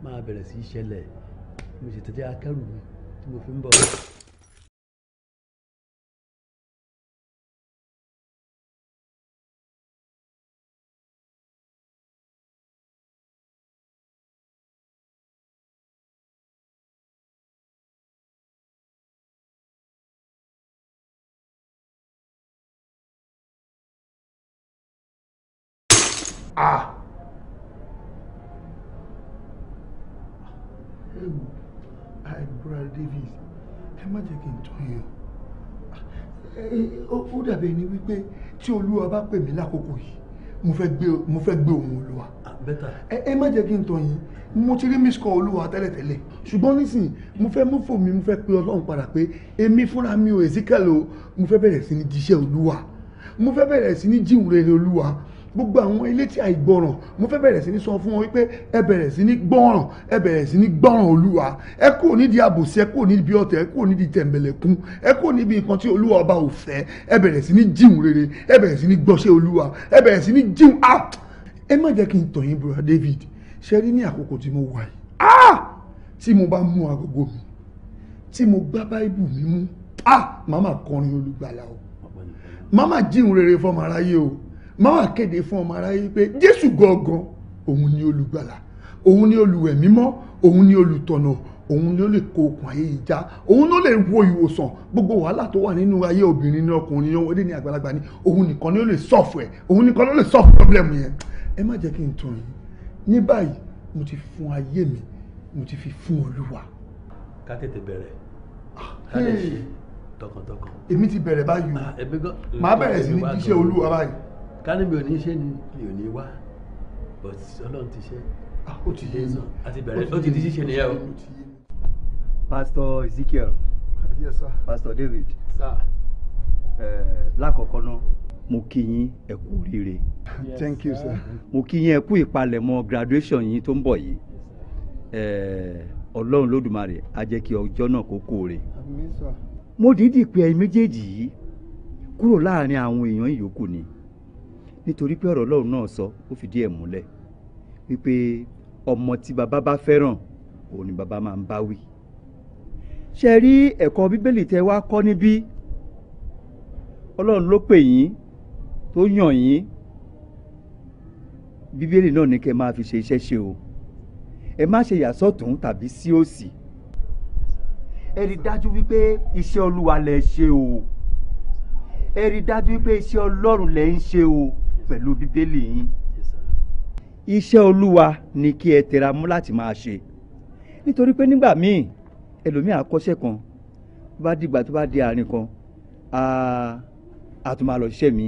máa bẹ̀rẹ̀ sí í ṣẹlẹ̀ mo ṣètẹ́jẹ́ akẹ́rù mi tí mo fi ń bọ̀. ah hmm. ewu àìbúra Davis ẹ má jẹ́ kí n tán yẹn o ah, eh, ó dàbí ẹni wípé tí olúwa bá pè mí lákòókò yìí mo fẹ́ gbé mo fẹ́ gbé ohùn olúwa ah, ẹ má jẹ́ kí n tán yín mo ti rí miss call olúwa tẹ́lẹ̀tẹ́lẹ̀ ṣùgbọ́n nísìnyí mo fẹ́ mú fò mi mo fẹ́ pe ọlọ́run padà pé èmi fúnra mi ò Ezekiel o mo fẹ́ bẹ̀rẹ̀ sí ní jíṣẹ́ olúwa mo fẹ́ bẹ̀rẹ̀ sí ní jíhùn olúwa gbogbo àwọn ilé tí àìgbọràn mo fẹ́ bẹ̀rẹ̀ sí ní sọ fún wọn wípé ẹ bẹ̀rẹ̀ sí ní gbọ́ràn ẹ bẹ̀rẹ̀ sí ní gbọ́ràn olúwa ẹ kúrò nídìí àbòsí ẹ kúrò níbi ọ̀tẹ̀ ẹ kúrò nídìí tẹ̀m̀bẹ̀lẹ̀kún ẹ kúrò níbi nǹkan tí olúwa ọba ò fẹ́ ẹ bẹ̀rẹ̀ sí ní jíhùn rere ẹ bẹ̀rẹ̀ sí ní gbọ́ṣẹ́ olúwa ẹ bẹ̀rẹ̀ sí ní jíhùn ah ẹ má jẹ́ kí n tàn yín brother David ṣe rí ní àkókò tí mo wà yìí ah tí mo bá mú agogo mi tí mo gbá báíbù mi mú ah màmá kọrin olùgbàlà o màmá jíhùn rere fọmọ aráyé o má wàá kéde fún ọmọ aráyé pé jésù gangan òun ni olùgbàlà òun ni olùwẹ̀ mímọ́ òun ni olùtọ̀nà òun ló lè kó okùn ayé ìjà òun ló lè wo ìwòsàn gbogbo wàhálà tó wà nínú ayé obìnrin ní ọkùnrin ní ọmọdé ní àgbàlagbà ni òun nìkan ni ó lè sọ̀fù ẹ̀ òun nìkan ló lè sọ̀fù pọ́blẹ́mù yẹn ẹ má jẹ́ kí n tàn yín ní báyìí mo ti fún ayé mi mo ti fi fún olúwa. ká tètè bẹ̀rẹ̀ ah, ká lè ṣe tọkàntọkàn. èmi ti bẹ̀rẹ̀ báyìí o ah, màá bẹ̀rẹ̀ sí ní iṣẹ́ olúwa báyìí kánú mi ò ṣe ni mi ò ní wá but ọlọ́run ti ṣe ah, ó ti dé sàn àti bẹ̀rẹ̀ ó ti di ṣíṣe nìyẹn o. pastor Ezekiel yes pastor David sir eh, lákọ̀ọ́kọ́ náà mo kí yín ẹ kú oríire thank you sir mo kí yín ẹ kú ìpalẹ̀mọ́ graduation yín tó ń bọ̀ yìí eh, ọlọ́run lódùmarè á jẹ́ kí ọjọ́ náà kó kóore mo dídì pé ẹ̀yin méjèèjì yìí kúrò láàrin àwọn èèyàn ìyókù ni. Yes, nítorí pé ọ̀rọ̀ ọlọ́run náà sọ ó fìdí ẹ̀ múlẹ̀ wípé ọmọ tí bàbá bá fẹ́ràn òun ni bàbá máa ń bá wí. ṣe rí ẹ̀kọ́ bíbélì tẹ wá kọ́ níbí ọlọ́run ló pè yín tó yàn yín bíbélì náà ní kẹ́ máa fi ṣe iṣẹ́ ṣe o ẹ má ṣe yàsọ́tún tàbí sí òsì ẹ rí dájú wípé iṣẹ́ olúwa lẹ ṣe o ẹ rí dájú wípé iṣẹ́ ọlọ́run lẹ ń ṣe o pẹ̀lú bíbélì yín iṣẹ́ olúwa ni kí ẹ tẹra mú láti máa ṣe nítorí pé nígbà míì ẹlòmíì àkọ́ṣẹ́ kan bá dìgbà tó bá di àárín kan a tún máa lọ ṣiṣẹ́ mi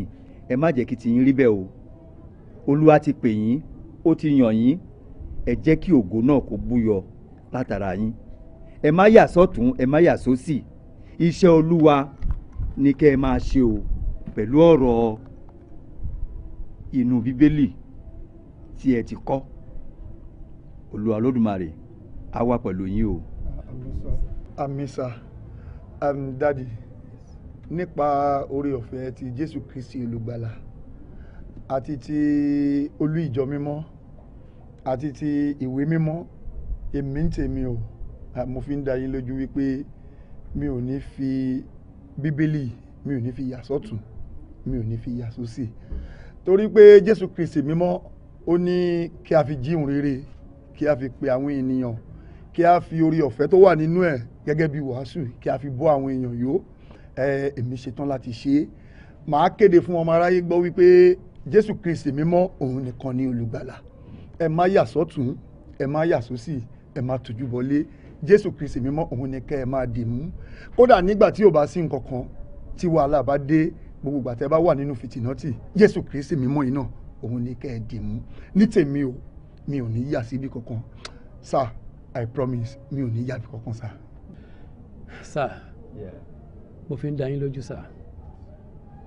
ẹ má jẹ́ kí tiyín rí bẹ́ẹ̀ o olúwa ti pè yín ó ti yàn yín ẹ jẹ́ kí ògo náà kó búyọ látara yín ẹ má yà sọ́tún ẹ má yà sósì iṣẹ́ olúwa ni kẹ́ ẹ máa ṣe o pẹ̀lú ọ̀rọ̀ inú bíbélì tí ẹ ti kọ́ olúwa olódùmarè á wà pẹ̀lú yín o. àmín sà àmín dádì nípa oore ọ̀fẹ́ ti jésù kristi olùgbàlà àti ti olú ìjọ mímọ́ àti ti ìwé mímọ́ èmi ń tèmi o mo fi ń dá yín lójú wípé mi ò ní fi bíbélì mi ò ní fi yà sọ́tún mi ò ní fi yà sósì. So si torí pé jésù kristi mímọ́ ó ní kí a fi jíhun rere kí a fi pe àwọn ènìyàn kí a fi orí ọ̀fẹ́ tó wà nínú ẹ̀ gẹ́gẹ́ bí wàásù kí a fi bọ́ àwọn èèyàn yó èmi ṣetán láti ṣe é màá kéde fún ọmọ aráyé gbọ́ wípé jésù kristi mímọ́ òun nìkan ni olùgbàlà ẹ má yà sọ́tún ẹ má yà sósì ẹ má tójú bọlé jésù kristi mímọ́ òun ni ẹ máa dì mú kódà nígbà tí ò bá sí nǹkan kan tí wàhálà bá dé gbogbo ìgbà tẹ́ bá wà nínú fìtìnọ́tì Jésù Kristi mímọ́ iná òun ni kẹ́ ẹ dì mú ní tèmi o mi ò ní yà síbi kankan sir i promise mi ò ní yà síbi kankan sir. sir mo fi ń dá yín lójú sir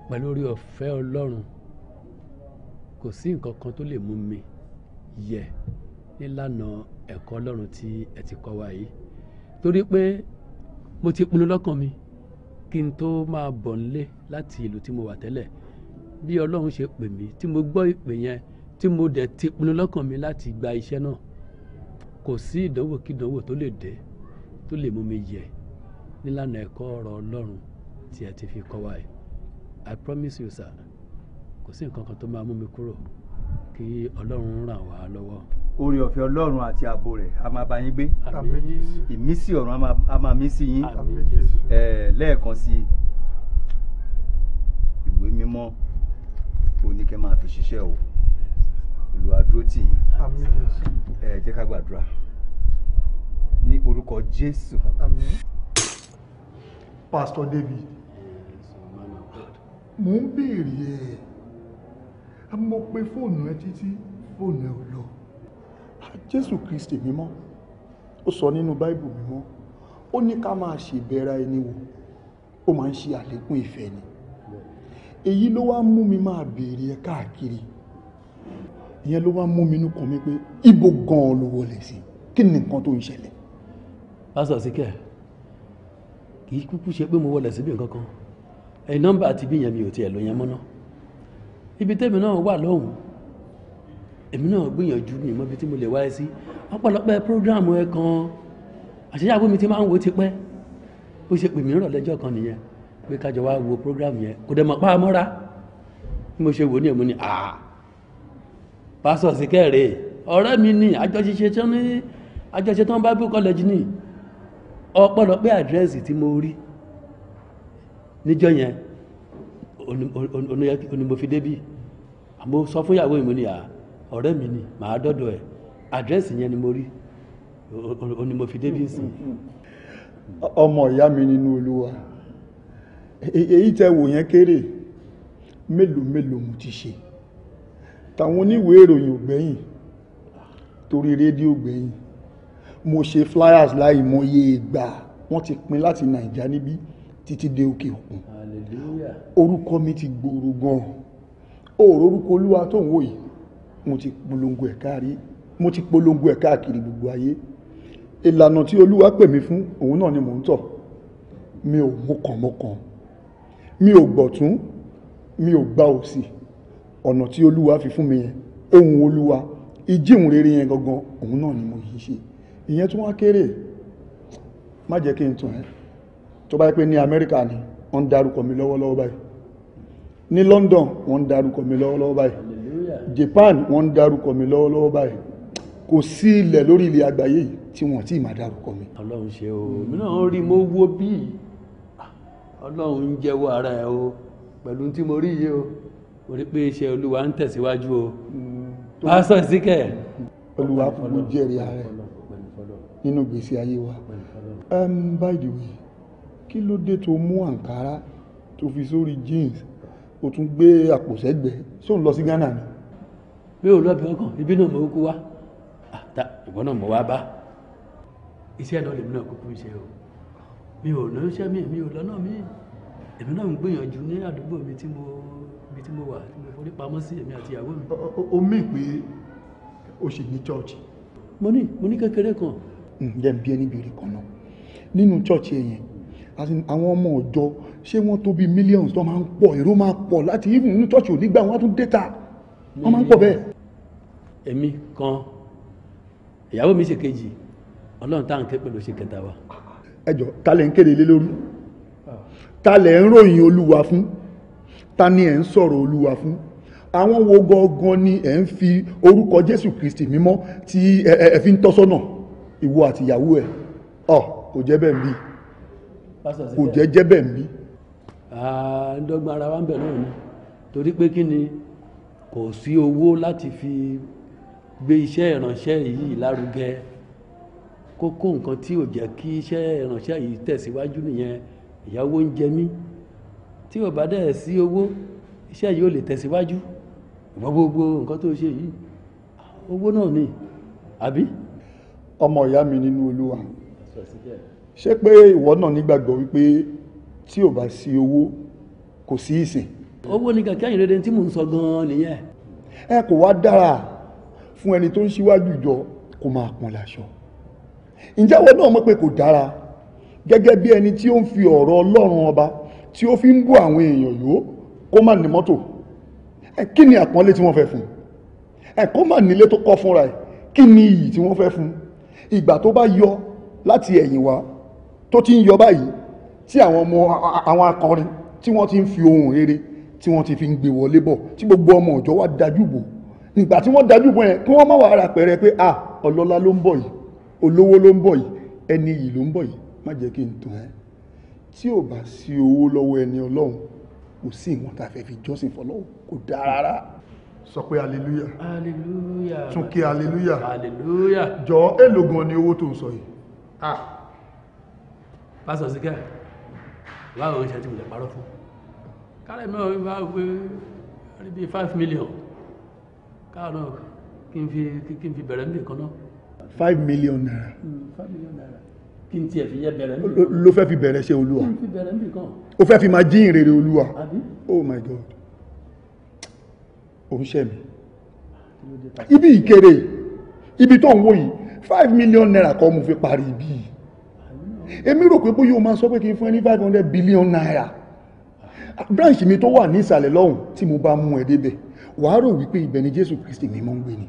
pẹ̀lú orí ọ̀fẹ́ Ọlọ́run kò sí nǹkan kan tó lè mú mi yẹ nílànà ẹ̀kọ́ Ọlọ́run tí ẹ ti kọ́ wa yìí torí pé mo ti pinnu lọ́kàn mi kí n tó máa bọ̀ nílé láti ìlú tí mo wà tẹ́lẹ̀ bí ọlọ́run ṣe pè mí tí mo gbọ́ ìpè yẹn tí mo dẹ̀ ti pinnu lọ́kàn mi láti gba iṣẹ́ náà kò sí ìdánwò kí ìdánwò tó lè dé tó lè mú mi yẹ̀ nílànà ẹ̀kọ́ ọ̀rọ̀ ọlọ́run tí ẹ ti fi kọ́ wa yìí i promise you sir kò sí nǹkan kan tó máa mú mi kúrò kí ọlọ́run ràn wá lọ́wọ́. oore ọ̀fẹ́ ọlọ́run àti ààbò rẹ̀ a máa bá yín gbé ìmísí ọ̀run a máa mí sí yín lẹ́ẹ̀kan sí ìwé mímọ́ oníkẹ́ máa fi ṣiṣẹ́ o Olúwa dúró tì yín ẹ jẹ́ ká gbàdúrà ní orúkọ Jésù. Pastor David mo ń béèrè ẹ̀ mo pe fóònù ẹ títí fóònù ẹ ò lọ ah, jésù kristi mímọ́ ó sọ nínú báìbù mímọ́ ó ní ká máa ṣèbẹ̀ra ẹni wò ó máa ń ṣe àlékún ìfẹ́ ni èyí ló wá mú mi máa béèrè ẹ káàkiri ìyẹn ló wá mú mi inú mi pé ibo gan-an ló wọlé sí kí ni nǹkan tó ń ṣẹlẹ̀. pásítọ̀ síkẹ̀ kì í kúkú ṣe pé mo wọlé síbi nǹkan kan ẹ̀ nọ́mbà àti bí yẹn mi ò tiẹ̀ lò yẹn mọ́ná ibi tẹ́mi náà wà lọ́hùn èmi náà gbìyànjú ní ìmọ̀ ibi tí mo lè wáyé sí ọ̀pọ̀lọpọ̀ program ẹ kan àṣeyàgbé mi ti máa ń wo ti pẹ́ ó ṣe pè mí rọ̀ lẹ́jọ́ kan nìyẹn pé kájọ wá wo program yẹn kò dẹ̀ mọ̀ pa mọ́ra bí mo ṣe wò ní èmi ni àà pásọ̀ sí kẹ́rẹ̀ ọ̀rẹ́ mi ni àjọṣiṣẹ́ tán ní àjọṣiṣẹ́ tán bible college ni ọ̀pọ̀lọpọ̀ àdírẹ́sì tí mo rí níjọ́ yẹn onímọ̀fídé bí àmọ́ sọ fún ìyàwó ìmú ni à ọ̀rẹ́ mi ni màá dọ́dọ̀ ẹ̀ àdírẹ́sì yẹn ni mo rí onímọ̀fídé bí sí. ọmọ ìyá mi nínú olúwa e, èyí tẹ wò yẹn kéré mélòó mélòó mo ti ṣe tàwọn oníwèé ìròyìn ò gbẹ̀yìn torí rédíò gbẹ̀yìn mo ṣe flyers láì mọye ìgbà wọ́n ti pín láti nàìjíríà níbí títí dé òkè òkun orúkọ mi ti gbòòrò gan òòrò orúkọ olúwa tó ń wò yìí mo ti polongo ẹ̀ káàrí mo ti polongo ẹ̀ káàkiri gbogbo ayé ìlànà tí olúwa pè mí fún òun náà ni mò ń tọ̀ mi ò mọ̀kànmọ̀kàn mi ò gbọ̀tún mi ò gba òsì ọ̀nà tí olúwa fi fún mi yẹn ohun olúwa ìjíhùn rere yẹn gangan òun náà ni mo yìí ṣe ìyẹn tún wá kéré má jẹ́ kí n tàn ẹ́ tó bá yẹ pé ní amẹ́ríkà ni wọ́n ń darúkọ mi lọ́wọ́lọ́wọ́ báyìí ní London wọ́n ń darúkọ mi lọ́wọ́lọ́wọ́ báyìí Japan wọ́n ń darúkọ mi lọ́wọ́lọ́wọ́ báyìí kò sí ilẹ̀ lórí ilẹ̀ àgbáyé yìí tí wọ́n ti máa dárúkọ mi. ọlọ́run ṣe o mi náà rí mo wo bí ah, ọlọ́run ń jẹ́wọ́ ara ẹ̀ o pẹ̀lú tí mo rí yìí o mo rí pé iṣẹ́ olúwa ń tẹ̀síwájú o hmm, pásítọ̀ síkẹ̀. olúwa kúkú jẹ́rìí ara ẹ̀ nínú gbèsè ayé wa. Um, by the way kí ló dé tó mú àǹkárá tó fi sórí jeans o tún gbé àpò sẹ́gbẹ̀ ṣé òun lọ sí Ghana ni. mi ò lọ́bẹ̀ ọkàn ibi náà mo kú wá àtà ah, ìwọ náà mo wá bá iṣẹ́ náà lèmi náà kúkú iṣẹ́ o mi ò lọ iṣẹ́ mi mi ò lọ́nà mi èmi náà ń gbìyànjú ní àdúgbò mi tí mo ibi tí mo wà tí mo forí pamọ́ sí èmi àti ìyàwó mi. o mí pé o sì ní chọ́ọ̀chì. mo ní mo ní kékeré kan. ǹjẹ́ hmm, bí ẹni bèrè kan náà nínú chọ́ọ̀chì yẹn àwọn ọmọ ọ̀jọ́ ṣé wọ́n tó bíi millions tó máa ń pọ̀ èrò máa pọ̀ láti even nínú church ò ní gbà wọ́n á tún data wọ́n máa ń pọ̀ bẹ́ẹ̀. èmi kan ìyàwó mi ṣe kejì ọlọ́run táwọn képe ló ṣe kẹta wa. ẹ jọ ta lẹ ń kéde lé lórí ta lẹ ń ròyìn olúwa fún ta ni ẹ ń sọ̀rọ̀ olúwa fún àwọn wo gangan ni ẹ ń fi orúkọ jésù kristi mímọ́ tí ẹ fi ń tọ́sọ́nà ìwọ àtìyàwó ẹ ọ kò jẹ́ bẹ́ẹ̀ bíi kò jẹ́ jẹ́ bẹ́ẹ̀ mi. ǹdọ́gba ara wa ń bẹ̀ náà ni torí pé kí ni kò sí owó láti fi gbé iṣẹ́ ìránṣẹ́ yìí lárugẹ kókó nǹkan tí ò jẹ́ kí iṣẹ́ ìránṣẹ́ yìí tẹ̀síwájú nìyẹn ìyàwó ń jẹ mí tí ò bá dẹ̀ sí owó iṣẹ́ yìí ò lè tẹ̀síwájú ìwọ gbogbo nǹkan tó ṣe yìí owó náà ni àbí. ọmọ ìyá mi nínú olúwa ṣé pé ìwọ náà nígbàgbọ́ wípé tí ò bá sí owó kò sí ìsìn. owó ni kàkẹ́ ìrere tí mò ń sọ gan-an nìyẹn. ẹ kò wá dára fún ẹni tó ń ṣíwájú ìjọ kó máa pọn láṣọ ǹjẹ́ ìwọ náà mọ̀ pé kò dára gẹ́gẹ́ bí ẹni tí ó ń fi ọ̀rọ̀ ọlọ́run ọba tí ó fi ń bú àwọn èèyàn yòó kó má ní mọ́tò ẹ kí ni àpọ́nlé tí wọ́n fẹ́ fún ẹ kó má nílé tó kọ́ fúnra ẹ kí ni iyì tí wọ́n fẹ́ fún ìgbà tó bá yọ láti ẹ̀yìn wá tó ti ń yọ báyìí tí àwọn ọmọ àwọn akọrin tí wọ́n ti ń fi ohun rere tí wọ́n ti fi ń gbé wọlé bọ̀ tí gbogbo ọmọ ọ̀jọ́ wá dájúbò nígbà tí wọ́n dájúbò yẹn kí wọ́n má wàá rà pẹ̀rẹ̀ pé à ọlọ́lá ló ń bọ̀ yìí olówó ló ń bọ̀ yìí ẹni yìí ló ń bọ̀ yìí má jẹ́ kí n tàn ẹ́ tí ò bá sí owó lọ́wọ́ ẹni ọlọ́run kò sí ìwọ̀n tá a fẹ́ fi jọ́sìn fọlọ́run kò dáa rárá sọ pé hallelujah hallelujah tún kí hallelujah hallelujah jọ èlògan ni owó tó ń sọ yìí ah pásítọ̀ síkẹ́ ìwádìí oríṣẹ́ tí mo lè parọ́ fún kárẹ̀ mẹ́wàá wípé wá pé rí bí five million káàánú kí n fi kí n fi bẹ̀rẹ̀ níbi kan náà. five million naira. Hmm, five million naira kí n tiẹ̀ fi yẹ bẹ̀rẹ̀ níbi kan. ló fẹ́ fi bẹ̀rẹ̀ ṣe olúwa. kí n fi bẹ̀rẹ̀ níbi kan. ó fẹ́ fi máa jíyìn rere olúwa. oh my god o òun ṣẹ́ mi ibi ìkéré ibi tó ń wò yìí five million naira kọ́ mo fi parí ibi yìí èmi rò pé bóyá o máa sọ pé kí n fún ẹ ní five hundred billion naira branch mi tó wà ní ìsàlẹ̀ lọ́hùn tí mo bá mú ẹ débẹ̀ wàá rò wípé ibẹ̀ ni Jésù Kristi mi máa ń gbé ni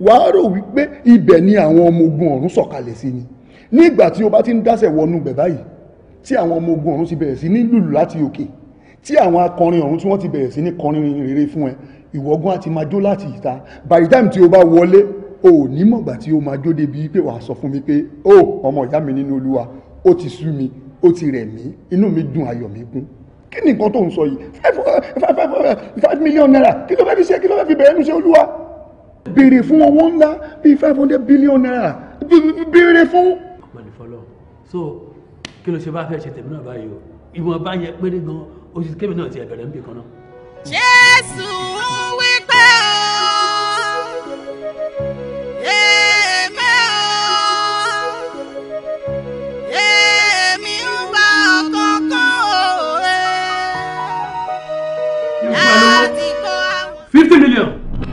wàá rò wípé ibẹ̀ ni àwọn ọmọ ogun ọ̀run sọ̀kalẹ̀ sí ni nígbà tí o bá ti ń dásẹ̀ wọnú bẹ̀ báyìí tí àwọn ọmọ ogun ọ̀run ti bẹ̀rẹ̀ sí ní lùlù láti òkè tí àwọn akọrin ọ̀run tí wọ́n ti bẹ̀rẹ̀ sí ní kọrin rere fún ẹ ìwọ́gun àti máa jó láti ìta by the time tí o bá wọlé o ò ní mọ̀gbà tí o máa jó débi pé wàá sọ fún mi pé o oh, ọmọ ìyá mi nínú olúwa ó ti sú mi ó ti rẹ̀ mí inú mi dùn ayọ̀ mi kún kí ni nǹkan tó ń sọ yìí five uh, five five uh, five million naira kí ló fẹ́ fi ṣe kí ló fẹ́ fi bẹ̀rẹ̀ ẹnu ṣe olúwa béèrè fún owó ńlá bíi five hundred billion naira béèrè fún. ọmọdé fọlọ so kí ló ṣe bá fẹ́ ṣe tèmi náà báyìí o ìwọ̀n bá yẹn péré gan oṣù kébì náà ti ẹ̀bẹ̀rẹ̀ ń bì kan náà. jésù wípé o.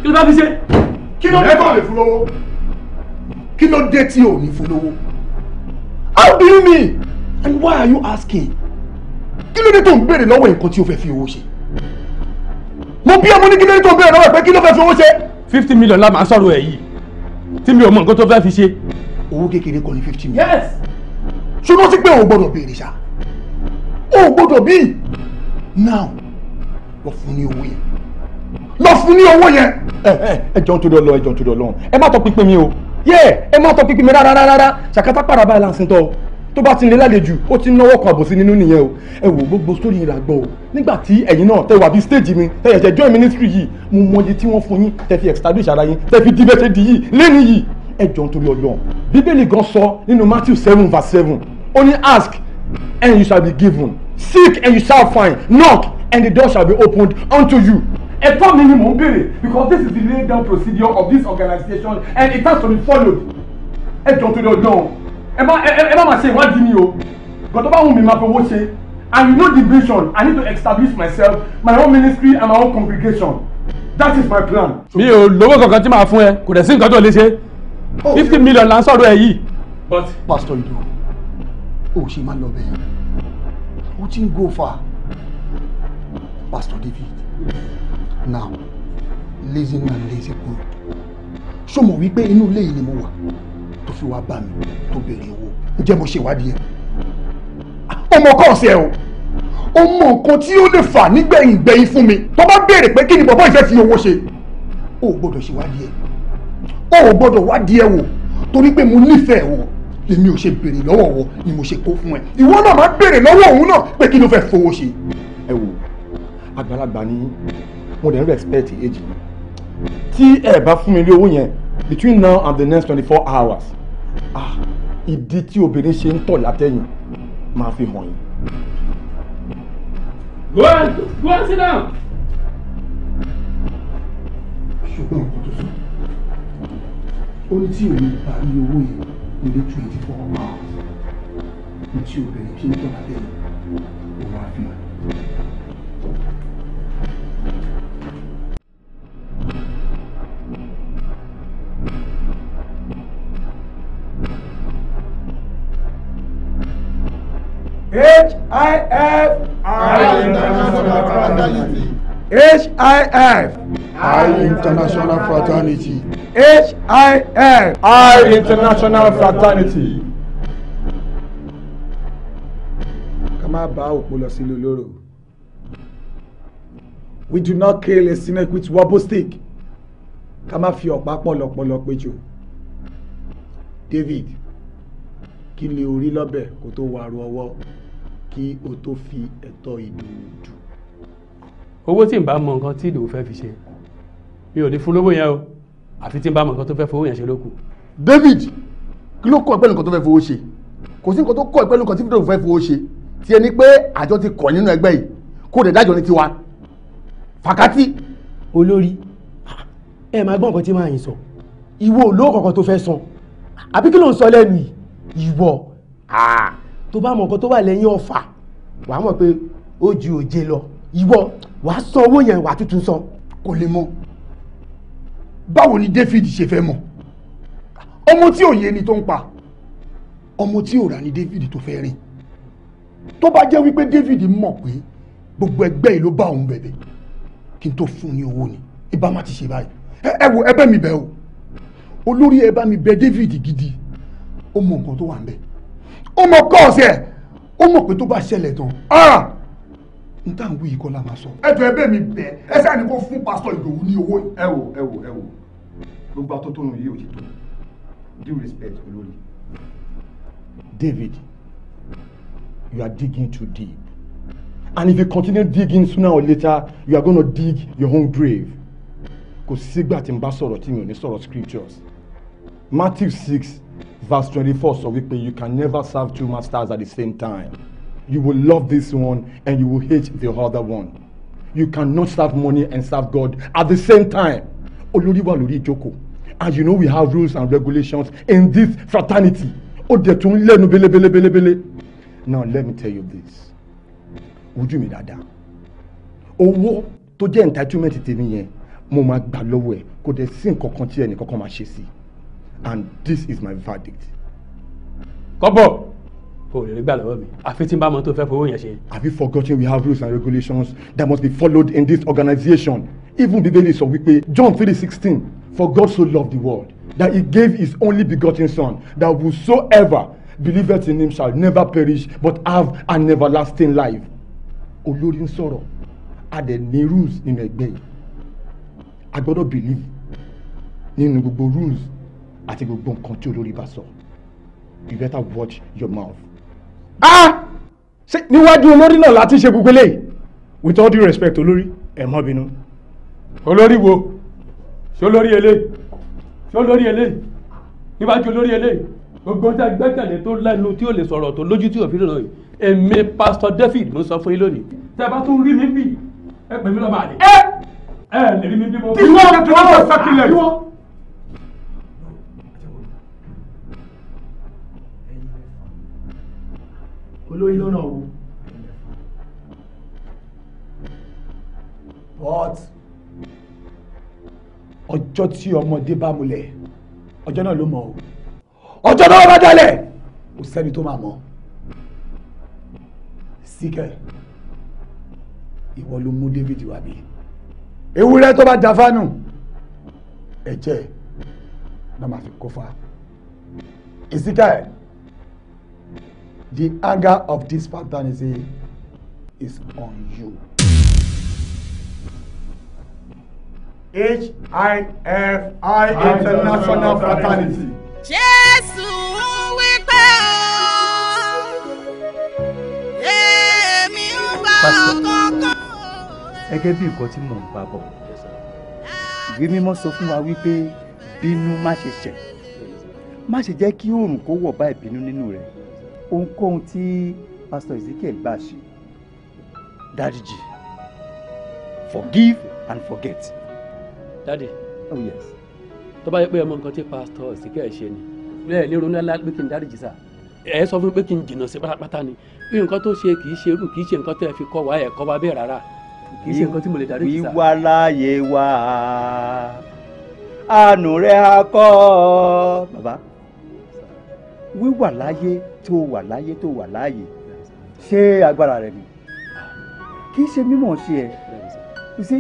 kí ló bá fi ṣe. kí ló dé tó lè fún lówó kí ló dé tí ò ní fún lówó how do you mean and why are you asking kí ló dé tó ń béèrè lọ́wọ́ nǹkan tí o fẹ́ fi owó ṣe mo bí ọmọ ní kí ló dé tó ń béèrè lọ́wọ́ pé kí ló fẹ́ fi owó ṣe. fifty million la máa sọ̀rọ̀ ẹ̀ yìí tí mi ò mọ nǹkan tó fẹ́ fi ṣe. owó kékeré kọ́ ni fifty million. yes. ṣùgbọ́n sí pé o gbọ́dọ̀ béèrè ṣá o gbọ́dọ̀ bí now lọ fún ní owó yẹn lọ fún ní owó yẹn. Eh, eh, ẹ jọ̀ọ́ nítorí Ọlọ́run ẹ jọ̀ọ́ nítorí Ọlọ́run ẹ má tọ pínpín mi o yẹ ẹ má tọ pínpín mi rárá rárá ṣàkátà pàrà báyìí láǹsìn tọ tó bá ti lè lálejò ó ti náwó kan àbòsí nínú nìyẹn o ẹ wò gbogbo sórí yìí la gbọ́ o nígbà tí ẹ̀yin náà tẹ wà bíi stage mi tẹ ẹ̀jẹ̀ join ministry yìí mo mọyì tí wọ́n fún yín tẹ fi establish ara yín tẹ fi dibẹ́ ṣe di yìí lẹ́nu yìí ẹ jọ̀ọ́ nítorí Ọlọ́run bíbélì gan sọ nínú Matthew seven verse seven ó ní ask and you shall be given seek and you shall find knock and the door shall be opened unto you A mi minimum, mò because this is the laid down procedure of this organization, and it has to be followed ẹ jọ tó dọ̀ dán ẹ má ẹ má máa ṣe ìwádìí mi o gbọ́dọ̀ bá wù mí máa fowó ṣe and you know the vision i need to establish myself my own ministry and my own congregation that is my plan. mi ò lówó kankan tí màá fún ẹ kò dẹ̀ sí nǹkan tó lè ṣe oh, fifty million là ń sọ̀rọ̀ ẹ yìí. but pastor idu o ṣe máa lọ bẹ́ẹ̀ o ti ń go far pastor david now lazy man lazy boy ṣó mọ̀ wípé inú ilé yìí ni mo wà To fi wá bá mi tó béèrè owó ǹjẹ́ mo ṣe ìwádìí ẹ̀ ah, ọmọ kọ́ọ̀sì ẹ̀ o ó mọ nǹkan tí ó lè fà nígbẹ̀yìn gbẹ̀yìn fún mi tó bá béèrè pé kí ni bọ̀bọ́ ìfẹ́ fi owó ṣe o ò gbọ́dọ̀ ṣe wádìí ẹ̀ o ò gbọ́dọ̀ wádìí ẹ̀ wò torí pé mo nífẹ̀ẹ́ wọ̀ lèmi ò ṣe béèrè lọ́wọ́ wọ ni mo ṣe kó fún ẹ ìwọ náà má béèrè lọ́wọ́ òun náà pé kí ló fẹ́ fowó ṣe. ẹ wo àgbàlagbà ni mo dẹ̀ ń respect èjì mi tí ẹ bá fún mi ní owó yẹn between now and the next 24 hours ah ìdí tí obìnrin ṣe ń tọ̀ látẹ̀yìn máa fi hàn yín. go on go on sit down. ṣùgbọ́n kò tó sọ ó ní tí òun parí owó yẹn nílé twenty hours ní tí obìnrin ṣe ń tọ̀ látẹ̀yìn. HIF I International Fraternity HIF I International Fraternity HIF I International Fraternity. Ká má bá òpó lọ sílé olóró. We do not kill a snake with wobble stick. Ká má fi ọ̀pá pọ̀lọpọ̀lọ péjọ. David, kí ni orí lọ́bẹ̀ kó tó wàrú ọwọ́? kí o tó fi ẹ̀tọ́ ìdòwò dù. owó tí n bá mọ nǹkan tí ìdòwò fẹ́ fi ṣe mi ò ní fún lówó yẹn o àfi tí n bá mọ nǹkan tó fẹ́ fowó yẹn ṣe ló kù. David kí ló kọ́ ẹ pẹ̀lú nǹkan tó fẹ́ fowó ṣe kò sí nǹkan tó kọ́ ẹ pẹ̀lú nǹkan tí ìdòwò fẹ́ fowó ṣe ti ẹni pé àjọ ti kọ̀ nínú ẹgbẹ́ yìí kó dẹ̀ dájọ́ ní tiwa fàkátì. olórí ẹ máa gbọ́ nǹkan tí máa yín sọ ìwọ olówó kankan tó fẹ́ san àbí kí ló ń sọ lẹ́nu yìí ìwọ ah. tó bá mọ nǹkan tó wà lẹ́yìn ọ̀fà wàá mọ̀ pé ó ju òjé lọ ìwọ wàá san owó yẹn wàá tuntun san. kò lè mọ báwo ni David ṣe fẹ́ mọ̀ ọmọ tí ò yé ni tó ń pa ọmọ tí ò rà ni David tó fẹ́ rìn tó bá jẹ́ wípé David mọ̀ pé gbogbo ẹgbẹ́ yìí ló bá òun bẹ̀bẹ̀ kí n tó fún un ní owó ni ibà má ti ṣe báyìí ẹ wo ẹ mi bẹ̀ o olórí ẹ bá mi bẹ̀ David gidi ó mọ nǹkan tó wà ń bẹ̀ ó mọ kọ́ọ̀sì ẹ̀ ó mọ̀ pé tó bá ṣẹlẹ̀ tán ah! n tá à ń wí ikọ́ la máa sọ. ẹ jọ ẹ̀bẹ̀ mi bẹ̀ ẹ sáà ní kó fún pásítọ̀ Ìdòwú ní owó. ẹ wò ẹ wò ẹ wò gbogbo atótónu yìí ò ti tó due respect olórí. David you are digging too deep and if you continue digging sooner or later you are gonna dig your own grave kò sígbà tí n bá sọ̀rọ̀ tí mi ò ní sọ̀rọ̀ scriptures Matthew six verse 24 sọ wípé you can never serve two masters at the same time you will love this one and you will hate the other one you cannot serve money and serve God at the same time olórí wà lórí ìjókòó As you know we have rules and regulations in this fraternity ó dẹ̀ tún lẹ́nu belebelebele now let me tell you this ojú mi dáadáa owó tó jẹ́ entitlement tèmi yẹn mo máa gbà lọ́wọ́ ẹ̀ kò dẹ̀ sí nǹkan kan tí ẹnì kankan máa ṣe sí i and this is my verdict. kọ́bọ̀ o lè rí gbà lọ́wọ́ mi àfi tí n bá mọ tó fẹ́ fowó yẹn ṣe. have you forgotten we have rules and regulations that must be followed in this organization even bíbélì sọ wípé john 3:16. for God so loved the world that he gave his only begotten son that whosoever believeth in him shall never perish but have an everlasting life. olórí ń sọ̀rọ̀ a dẹ̀ ní rules nínú ẹgbẹ́ yìí a gbọ́dọ̀ believe nínú gbogbo rules àti gbogbo nǹkan tí olórí bá sọ you better watch your mouth. ah ṣe níwájú olórí náà láti ṣe gbogbo eléyìí with all due respect olórí ẹ má bínú. olórí wo ṣé olórí eléyìí ṣé olórí ele. níwájú olórí eléyìí gbogbo ọjà gbẹ́kẹ̀lé tó lẹ́nu tí ò lè sọ̀rọ̀ tó lójú tí ò fi rìn rìn èmi pastor david ló sọ fún yín lónìí. tẹ bá tún rí mi bì ẹ pè mí lọ́ba àlè. ẹ ẹ lè rí mi bí mo. tí wọ́n ti wọ́n sọ kílẹ̀. olórí ló ràn wò. but ọjọ́ tí ọmọdé bá múlẹ̀ ọjọ́ náà ló mọ̀ o ọjọ́ náà bá dalẹ̀ kò sẹ́ni tó máa mọ̀ síkẹ̀ ìwọ ló mú David wá bí ewúrẹ́ tó bá da fánù ẹ̀jẹ̀ náà máa fi kó fa ìsíkẹ̀ the anger of this fraternity eh, is on you. H I F I International Fraternity. ń bá ọkọ̀ọ̀kan. Gẹ́gẹ́ bí nǹkan tí mò ń bá bọ̀, ìwé mímọ́ sọ fún wa wípé bínú má ṣe ṣẹ̀, má ṣe jẹ́ kí oòrùn kó wọ̀ bá ìbínú nínú rẹ̀ ohunkóhun tí pastor Ezekiel bá ṣe dáríjì forgive and forget. dadi oh yes. tó bá yẹ pé ọmọ nǹkan tí pastor Ezekiel ṣe ni bẹ́ẹ̀ ní ronú ẹlá pé kí n dáríjì sá ẹ sọ fún pé kí n jìnnà sí pátápátá ni pé nǹkan tó ṣe kì í ṣe irú kì í ṣe nǹkan tẹ́ ẹ fi kọ́ wa ẹ̀ kọ́ wa bẹ́ẹ̀ rárá kì í ṣe nǹkan tí mo lè dáríjì sá. wíwá láàyè wá àánú rẹ̀ akọ́ bàbá wíwà láyé tó wà láyé tó wà láàyè ṣé agbára rẹ ni kì í ṣe mímọ̀ ṣe ẹ ṣe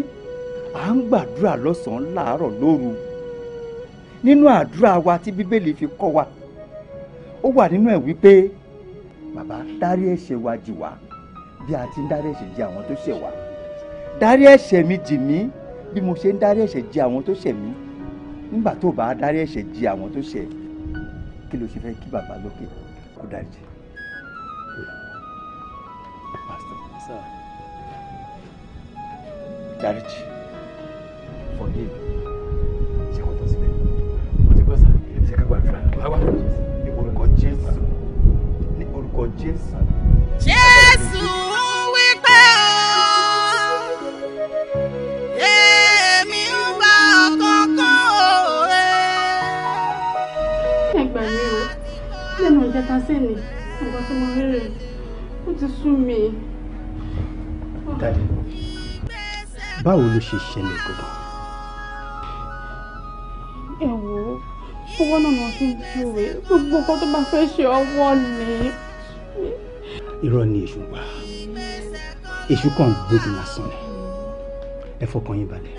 à ń gbàdúrà lọ́sàn-án láàárọ̀ lóru nínú àdúrà wa tí bíbélì fi kọ́ wa ó wà nínú ẹ̀ wípé bàbá dárí ẹ̀ṣẹ̀ wa jì wá bí a ti ń dárí ẹ̀ṣẹ̀ jì àwọn tó ṣẹ̀ wá dárí ẹ̀ṣẹ̀ mi jì mí bí mo ṣe ń dárí ẹ̀ṣẹ̀ jì àwọn tó ṣẹ̀ mí nígbà tó bá dárí ẹ̀ṣẹ̀ jì àwọn tó ṣẹ̀ kí ló ṣe fẹ́ kí bàbá lókè. Okay kó dáríjì. dáríjì fọyín ṣe kọ́tọ̀ sílẹ̀ wọ́n ti gbọ́ sá ṣe ká gbàdúrà wá ní orúkọ ìjẹta sẹ́ni nǹkan tí mo rí rẹ̀ ó ti sú mi. dadi báwo ló ṣe ṣẹlẹ̀ gbọ́dọ̀. ẹ wo owó náà ni wọ́n fi ń júwe gbogbo nǹkan tó bá fẹ́ ṣe ọwọ́ ni. irọ́ ni èṣù pa èṣù kan gbójú lásán ni ẹ fọkàn yín balẹ̀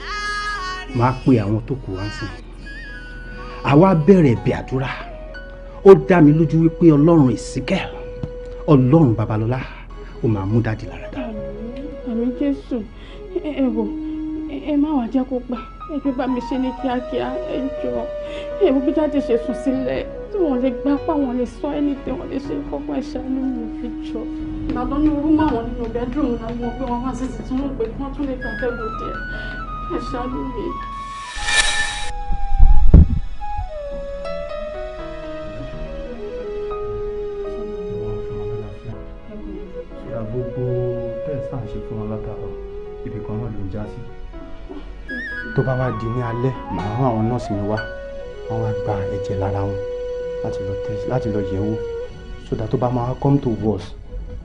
máa pe àwọn tó kù wá ń sìn àwa bẹ̀rẹ̀ bí àdúrà ó dá mi lójú wípé ọlọ́run ìsìnkẹ́ ọlọ́run babalọ́lá ó máa mú dáàdì lára dá. àmì jésù ẹ wò ẹ má wàá jẹ́ kó pẹ́ ẹ fi bá mi ṣe ní kíákíá ẹ jọ ẹ wò bí dáàdì ṣe sùn sílẹ̀ tí wọ́n lè gbá pa wọ́n lè sọ ẹnìtẹ́ wọ́n lè ṣe kọ́kọ́ ẹ̀ ṣàánú mi fi jọ. ìbàdàn ní orú mọ́ àwọn nínú bẹ́ẹ̀dùn náà wọ́n pé wọ́n wá sí ti tún rò pé wọ́n tún lè fàtẹ́gùn wá di ní alẹ́ màá rán àwọn nọ́ọ̀sì mi wá wọ́n wá gba ẹ̀jẹ̀ lára wọn láti lọ yẹ̀ wò sódà tó bá máa come to worse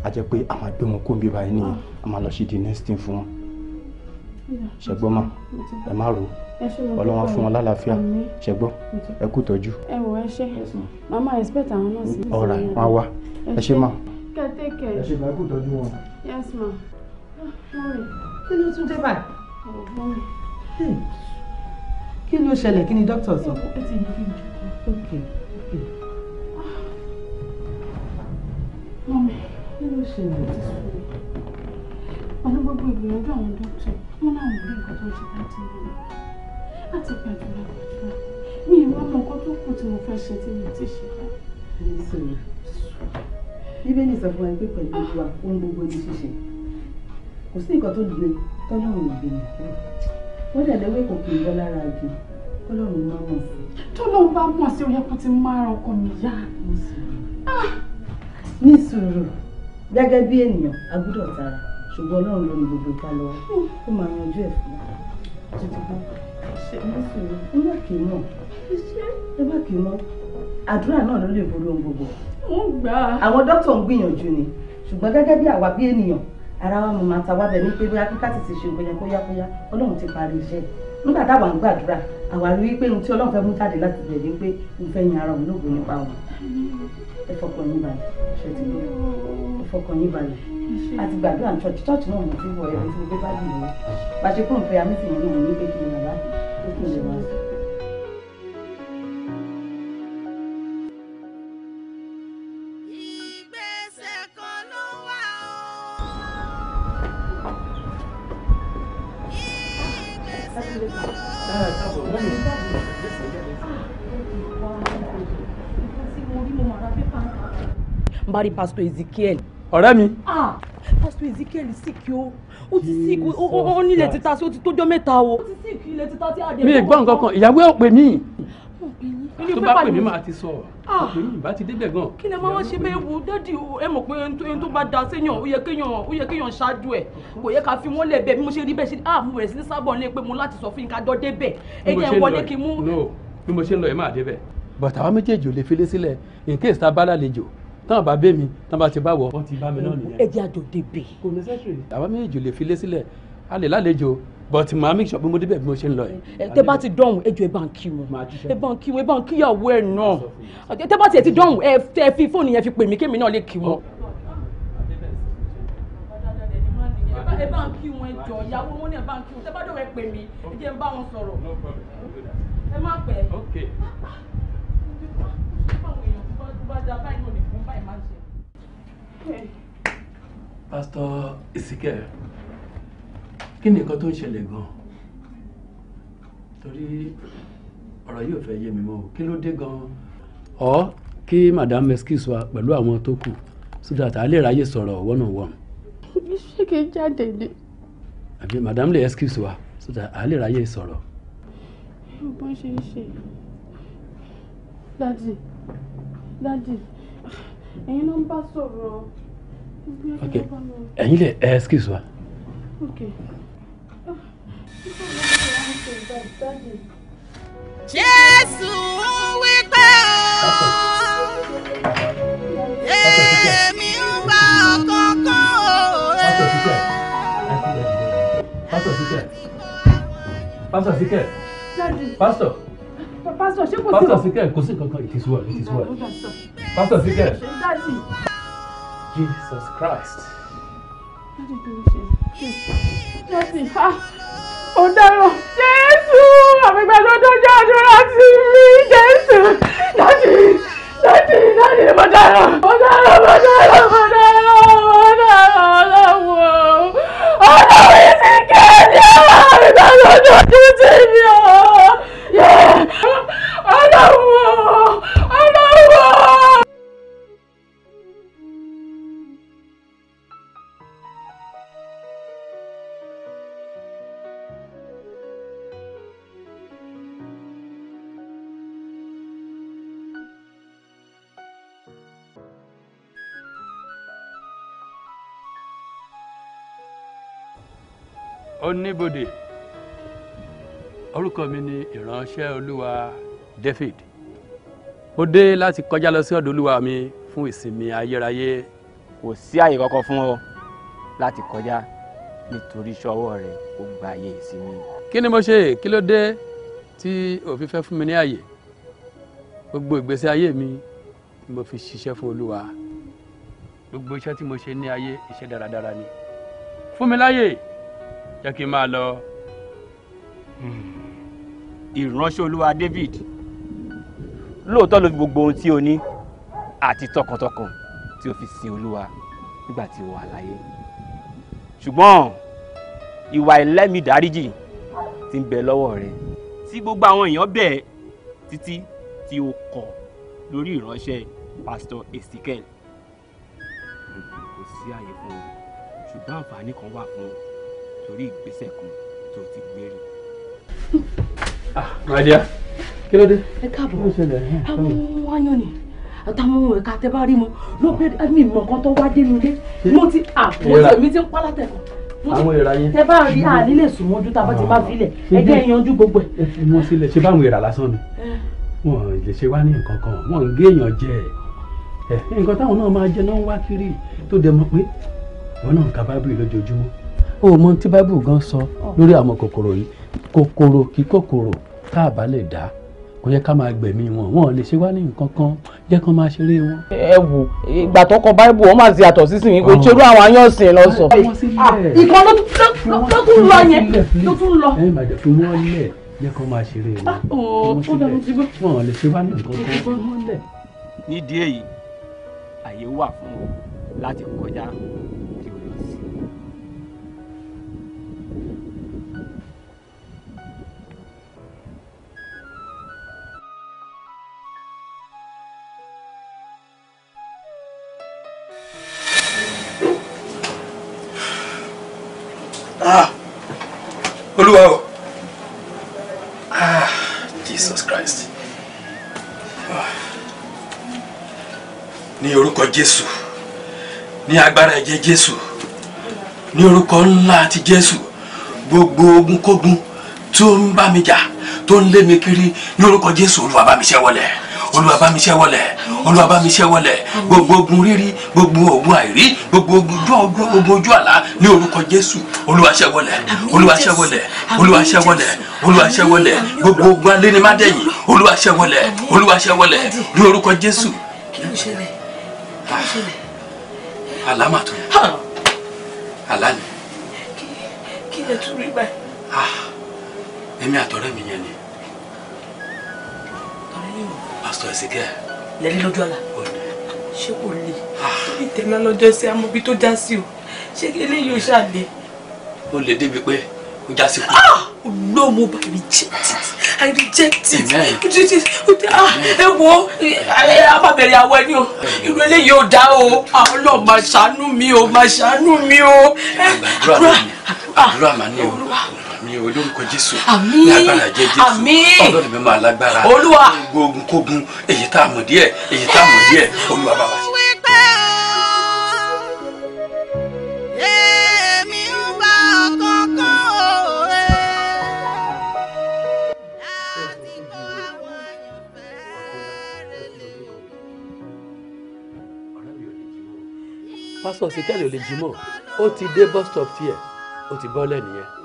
a jẹ́ pé àwọn àgbẹ̀ wọn kò ń bí báyìí nìyẹn a máa lọ ṣe the next thing fún wọn ṣẹgbọ́n mà ẹ má rò ọlọ́wọ́n fún wọn lálàáfíà ṣẹgbọ́n ẹ kú tọ́jú. ẹ wò ẹ ṣe màmá expect àwọn nọ́ọ̀sì. ọ̀rà wọn wá ẹ ṣe mà. kẹ́tẹ́ kẹ́ ẹ ṣe mà ẹ kú tọ́jú wọn. yes ma. kí ló tún dé báyìí. Oh, Hmm. kí ló ṣẹlẹ̀ kí ni dókítà sọ. ó ti ní kí n jókòó. ok ok. Ah, mọ̀mí kí ló ṣẹlẹ̀. pẹ̀lú gbogbo ìgbìyànjú àwọn dókítà wọn náà mú nǹkan tó ń ṣe láti ìlú láti gbàdúrà gbàdúrà mi ìwà mọ nǹkan tó kù tí mo fẹ́ ṣe tí mo ti ṣe. bíbélì sọ fún wa pé pẹ̀lú gbogbo àkóhun gbogbo ṣíṣe kò sí nǹkan tó le tọ́lọ́run ìgbìyànjú wọ́n dẹ̀ lẹ́wọ́ èkó kì í bọ́ lára àjò tọ́lọ́run máa mọ̀ sí. tọ́lọ́run bá mọ̀ sí oyè kan ti máa ra ọkọ mi yá. ní sùúrù gẹ́gẹ́ bí ènìyàn a gbọ́dọ̀ tara ṣùgbọ́n ọlọ́run ló ní gbogbo ìta lọ ó máa yanjú ẹ̀ fún wa. ṣe ní sùúrù ẹ má kì í mọ̀ ẹ má kì í mọ̀ àdúrà náà ló lè borí ohun gbogbo. wọ́n gbà á. àwọn dókítà ń gbìyànjú ni ṣùgbọ́n gẹ́gẹ́ bí àwa bí ènìyàn ara wa màmá ta wá bẹ̀ ní pé bóyá kíkà tètè ṣe nǹkan yẹn kóyákóyá ọlọ́run ti parí iṣẹ́ nígbà táwa ń gbàdúrà àwa rí wípé ohun tí ọlọ́run fẹ́ mú jáde láti bẹ̀ ni pé mo fẹ́ yin ara òun lóògùn nípa òun ẹ fọkàn yín balẹ̀ ṣe ti lọ ẹ fọkàn yín balẹ̀ àti gbàdúrà ní church church náà mo ti wọ ẹ̀ tí mo gbé bá dì mí bá ṣe kúrò pé amísìn yẹn náà ní pé kí n yàrá ó kí n lè wá sí. n bá rí pásítọ̀ Ezekiel. ọ̀rẹ́ mi. Ah, pásítọ̀ Ezekiel sick o ó ti sick ó nílẹ̀ títa sí ó ti tójọ́ mẹ́ta o. ó ti sick ilẹ̀ títa tí a dé. mi ì gbọ́ nǹkan kan ìyàwó ẹ̀ pè mí tó bá ah. pè mí máa ti sọ ọ pé ìbá ti débẹ̀ gan. kí lè máa ṣe bẹ́ẹ̀ wo dádì ẹ mọ̀ pé ẹni tó bá da séyàn ó yẹ kéèyàn ó yẹ kéèyàn ṣáájú ẹ̀ kò yẹ ká fi wọ́n lẹ̀ bẹ́ẹ̀ bí mo ṣe rí bẹ́ẹ̀ ṣe ah mo bẹ̀rẹ̀ sí ní sábọ̀ ní pé mo láti sọ fún yín ká jọ débẹ̀ ẹ jẹ́ wọlé kí n mú. bí mo ṣe ń lọ ẹ máa débẹ̀. bàtà wa méjèèjì ò lè fi lé sílẹ̀ in case tá a bá lálejò tán bá bẹ́ mi tán bá ti bá wọ̀ ọ́ ti bá mi náà nìyẹn. ẹ jẹ́ àjò débè. kò ní sẹ́sìrì. àwa méjèèjì lè fi lé sílẹ̀ a lè lálejò but màá mi sọ pé mo débẹ̀ bí mo ṣe ń lọ yìí. tẹ bá ti dọ̀hùn ẹ jọ ẹ bá ń kí wọn ẹ bá ń kí wọn ẹ bá ń kíyàwó ẹ náà tẹ bá tiẹ̀ ti dọ̀hùn ẹ fi fóònù yẹn fi pè mí kémi náà lè kí wọn. ẹ bá ń kí wọn ẹ jọ ìyàwó wọn ni ẹ bá ń kí wọn tẹ bá dọ̀hùn ẹ pè mí ẹ jẹ́ ń bá wọn sọ̀rọ̀ ẹ má pẹ́ pastor Ezekiel kí ni nǹkan tó ń ṣẹlẹ̀ gan-an torí ọ̀rọ̀ yóò fẹ́ yé mi mọ́ o kí ló dé gan-an. ọ kí madam excuse wa pẹ̀lú àwọn tó kù so that a lè ráyè sọ̀rọ̀ one on one. ṣé kí n jáde ni. àbí Madame Le excuse wa so that a lè ráyè sọ̀rọ̀. bó ṣe ń ṣe dájú dájú ẹ̀yin náà ń bá sọ̀rọ̀. ok ẹ̀yin lè ẹ eh, excuse wa. jésù wípé o èmi ń bá ọkọ̀ọ̀kan o. pásítọ̀ síkẹ̀ pásítọ̀ síkẹ̀ pásítọ̀ síkẹ̀ pásítọ̀ pásítọ̀ ṣé kò sí. pásítọ̀ síkẹ̀ kò sí kankan it is well it is well. pásítọ̀ síkẹ̀. Jesus Christ. ọ̀daràn jésù àgbẹ̀gbẹ̀ tó jẹ́ àdúrà sí mi jésù láti láti láti ọ̀daràn ọ̀daràn ọ̀daràn ọ̀daràn ọ̀daràn ọ̀làwọ̀ ọ̀làwọ̀ ìsìnkẹ́ ni àwọn àgbẹ̀gbẹ̀ tó jẹ́ àdúrà sí mi ọ̀. oníbodè orúkọ mi ni ìránṣẹ́ olúwa David mo dé láti kọjá lọ sí ọ̀dọ̀ olúwa mi fún ìsinmi ayérayé. kò sí àyè kankan fún ọ láti kọjá nítorí ṣọwọ́ rẹ kò gba àyè ìsinmi. kí ni mo ṣe kí ló dé tí òfin fẹ́ fún mi ní àyè gbogbo ìgbésí ayé mi ni mo fi ṣiṣẹ́ fún olúwa gbogbo iṣẹ́ tí mo ṣe ní ayé iṣẹ́ dáradára ni fún mi láyè jẹ́ kí n máa lọ. ìránṣẹ́ olúwa David lóòótọ́ ló fi gbogbo ohun tí o ní àti tọkàntọkàn tí o fi sin olúwa nígbà tí o wà láyé ṣùgbọ́n ìwà ẹlẹ́mìí dáríjì ti ń bẹ lọ́wọ́ rẹ tí gbogbo àwọn èèyàn bẹ̀ títí tí o kọ̀ lórí ìránṣẹ́ pásítọ̀ Ezekiel kò sí àyè fún un ṣùgbọ́n àǹfààní kan wà fún un torí ìgbésẹ̀ kan tó ti gbé rí. Màdíà, kí ló dé? Ẹ káàbọ̀, àwọn wáyọ̀ ni àtàwọn ohun ẹ̀ka tẹ bá rí mu ló bẹ̀rẹ̀ ẹ̀mí ìmọ̀ kan tó wá dénú ilé. Mo ti àpò èmi ti ń pa látẹ̀kọ̀ àwọn ìrà yẹn. tẹ bá rí a nílé sùnmọ́jú tá a bá ti máa ah, filẹ̀ ẹjẹ́ ìyanjú gbogbo ẹ̀. ẹ fi mọ sílẹ̀ ṣé báwọn ìrà lásán ni wọn lè ṣe wá ní nǹkan kan wọn ń gé èèyàn jẹ ẹ nǹkan táwọn náà máa jẹ náà ń wá kiri tó dẹ mọ pé wọn náà ń ka bábìrì lójoojúmọ́ o mọ tí báíbù gan sọ oh. lórí àwọn kòkòrò yìí kòkòrò kí kòkòrò tá a bá lè dá kò yẹ ká máa gbẹ̀mí wọn wọn ò lè ṣe wá ní nǹkan kan jẹ́ kán máa ṣeré wọn. ẹ wò ìgbà tó kọ báíbù wọn máa ti yàtọ̀ sísìn yìí kò oh. ṣerú àwọn ayọ̀sìn lọ sọ. Ah, ah, ìkan ló tún lọ yẹn ló tún lọ. ẹ má jẹ́ fún wọn lẹ̀ jẹ́ kán máa ṣeré wọn. Ah, oh, wọn ò lè ṣe wá ní nǹkan kan. nídìí èyí àyè wà fún wọn láti kọjá Ah, olúwa Ah, jesus christ ah. ní orúkọ jésù ní agbára ẹ̀jẹ̀ jésù ní orúkọ ńlá ti jésù gbogbo ogunkógun tó ń bá mi jà tó ń lé mi kiri ní orúkọ jésù olúwa bá mi ṣẹ́ wọlẹ̀ olúwa bá mi ṣẹ́ wọlẹ̀ olúwa bá mi ṣẹ́ wọlẹ̀ gbogbo ogun rírí gbogbo ogun àìrí gbogbo ogun ojú àlá ní orúkọ jésù olúwa ṣẹ́ wọlẹ̀ olúwa ṣẹ́ wọlẹ̀ olúwa ṣẹ́ wọlẹ̀ olúwa ṣẹ́ wọlẹ̀ gbogbo ogun alénimádẹ́yìn olúwa ṣẹ́ wọlẹ̀ olúwa wọlẹ̀ ní orúkọ jésù. Ah. àlámà tó yẹ àlá kí lè tún rí báyìí. Ah. èmi àtọ̀rẹ́ mi yẹn ni pásítọ̀ Ezekiel. lẹ́rí lójú àlá ṣé kò le tóbi ah. tẹ̀lá lọ́jọ́ sí amóbi tó já sí o ṣé kí eléyìí ó ṣáà le. ó lè débi pé ó já sí kú. no ah! mo ba reject it i reject it ah! ẹ wo a máa bẹ̀rẹ̀ àwọ̀ ẹni o irú eléyìí ò dá o àwọn náà máa ṣàánú mi o máa ṣàánú mi o. àdúrà àdúrà màá ní o yín o lórúkọ jésù lágbára jẹ jésù ọ̀dọ̀ ni mi máa lágbára olúwa gbogbo kógun èyí tá a mọ̀ díẹ̀ èyí tá a mọ̀ díẹ̀ olúwa bá wa. pásítọ̀ sí kẹ́lẹ́ ò lè jí mọ́ ó ti dé bus stop tiẹ̀ ó ti bọ́ lẹ́nìyẹn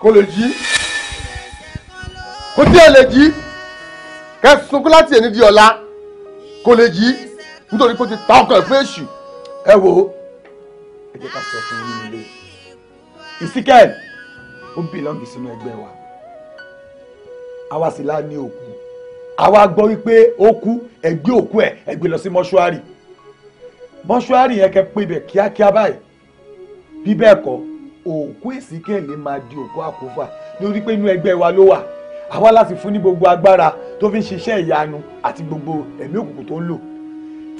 kò lè jí kò tí ẹ lè jí kẹ sunkún láti ẹni di ọ̀la kò lè jí nítorí pé ó ti ta ọkọ ẹ̀ fún èṣù ẹ wò ó ẹ jẹ́ ká sọ fún yín nílé ìsíkẹ́ẹ̀ ó bìlọ́ǹgì sínú ẹgbẹ́ wa àwa sì lá ní òkú àwa gbọ́ wípé ó kú ẹ gbé òkú ẹ̀ ẹ gbé lọ sí mọ́ṣúárì mọ́ṣúárì yẹn kẹ pé ibẹ̀ kíákíá báyìí bí bẹ́ẹ̀ òkú èsìkẹ́ni máa di òkú àkófà lórí pé inú ẹgbẹ́ wa ló wà àwa láti fún ní gbogbo agbára tó fi ń ṣiṣẹ́ ìyanu àti gbogbo ẹ̀mí òkùnkùn tó ń lò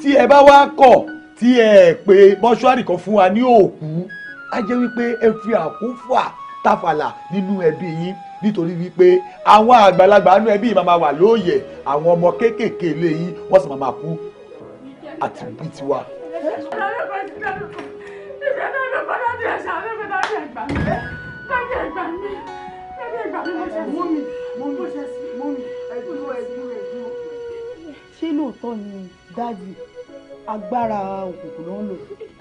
tí ẹ bá wá kọ̀ tí ẹ pé mọ́ṣúárì kan fún wa ní òkú á jẹ́ wípé ẹ fi àkófà tàfàlà nínú ẹbí yín nítorí wípé àwọn àgbàlagbà nínú ẹbí yìí máa wà lóòyè àwọn ọmọ kéékèèké lẹ́yìn wọ́n sì máa kú àti bíi tiwa ìfẹ́ náà ló bá dájú ẹ̀ ṣàlẹ́ mi dájú ẹ̀ gbà mí dájú ẹ̀ gbà mí dájú ẹ̀ gbà mí mo ṣe ṣé lóòótọ́ ni dájú agbára òkùnkùn ló ń lò.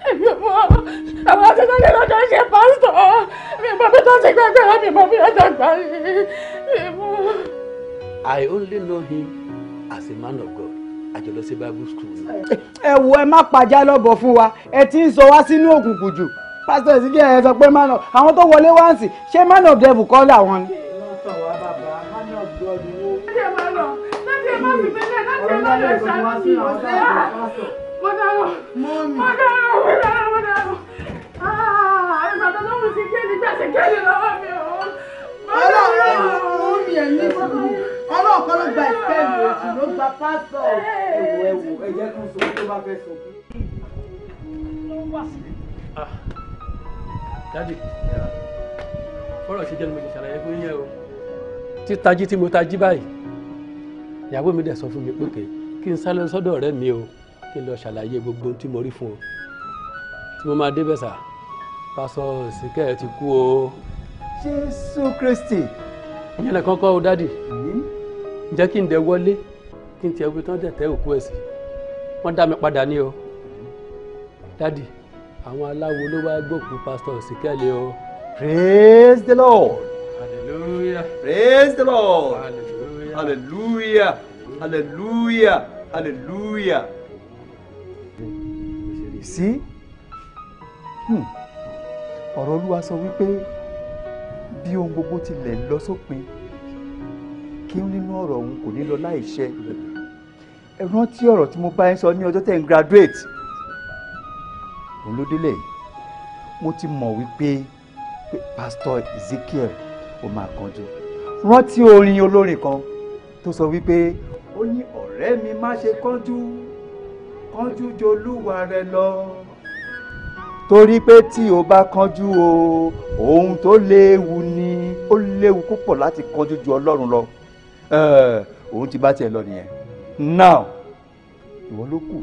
èmi ò mọ àwọn akẹ́kọ̀ọ́ ní lọ́jọ́ ṣe pásítọ̀ mi mọ bí tó ti gbàgbé mi mọ bí ọjọ́ gbà mí. I only know him as a man of God àjọ lọ sí bible school ni. ẹ wo ẹ má pàjá lọ́bọ̀ fún wa ẹ ti ń sọ wá sínú òkùnkùn jù pásítọ̀ ìsìnkú ẹ sọ pé man of àwọn tó wọlé wá ń sìn ṣé man of devil kọ́ làwọn ni. Ọlọ́run ọ̀hún mi ẹ̀ ní gbogbo ọkọ ló gba ìfẹ́ẹ̀lì òsì ló gba pásítọ̀ ẹ̀wọ̀ ẹ̀wọ̀ ẹ̀jẹ̀ kan sọ tó bá fẹ́ sọ. Ah, dádì fọ́rọ̀ ṣe jẹ́ ni mo ṣàlàyé fún yín o títají tí mo tají báyìí ìyàwó mi dẹ̀ sọ fún mi pé kí n sálọ sọ́dọ̀ ọ̀rẹ́ mi o kí n lọ ṣàlàyé gbogbo ohun tí mo rí fún o tí mo máa débẹ̀ sà pásọ ìsìnkẹ́ ti kú o. jésù kristi. ìyẹn lè kọ́kọ́ o dádì. Mm -hmm jẹ́ kí n dẹ wọlé kí n tiẹ̀ wí tán dẹ̀ tẹ́ òkú ẹ̀ sí wọ́n dá mi padà ní o dádì àwọn aláwo ló wá gbòkú pásítọ̀ síkẹ́lẹ̀ o. praise the lord hallelujah praise the lord hallelujah hallelujah hallelujah hallelujah. sí hmm. ọ̀rọ̀ olúwa sọ wípé bí ohun gbogbo tilẹ̀ lọ sópin. So kí n nínú ọ̀rọ̀ òun kò ní lọ láìṣẹ ẹ rántí ọ̀rọ̀ tí mo bá ń sọ ní ọjọ́ tẹ̀ ń graduate òun ló délẹ̀ mo ti mọ̀ wípé pastor Ezekiel ó máa kanjú rántí orin olórin kan tó sọ wípé ó ní ọ̀rẹ́ mi má ṣe kánjú kánjú jolúwa rẹ lọ torí pé tí o bá kánjú o ohun tó léwu ni ó léwu púpọ̀ láti kánjú ju Ọlọ́run lọ. Eh, òun ti bá tiẹ̀ lọ nìyẹn now ìwọ ló kù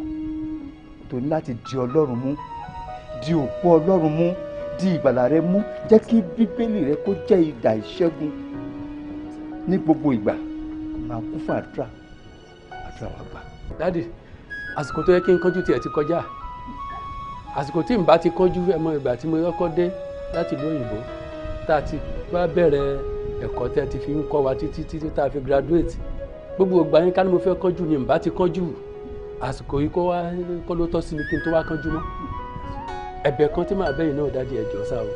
di ọlọ́run mú di òpó ọlọ́run mú di ìgbàlà rẹ mú jẹ́ kí bíbélì rẹ kó jẹ́ ìṣẹ́gun ní gbogbo ìgbà máa kún fún àdúrà àdúrà wa gbà. dádì àsìkò tó yẹ kí n ti kọjá àsìkò tí n bá ti ẹ̀mọ ìgbà tí mo yọkọ dé láti ìlú a ẹ̀kọ́ tẹ́ ti fi ń kọ́ wa títí títí tá a fi graduate gbogbo ìgbà yín ká mo fẹ́ kánjú ni ǹbá ti kánjú àsìkò yìí kó wá kọ́ ló tọ́ sí mi kí n tó wá kánjú mọ́ ẹ̀bẹ̀ kan tí màá bẹ̀yìn náà dájú ẹ̀jọ̀ sá o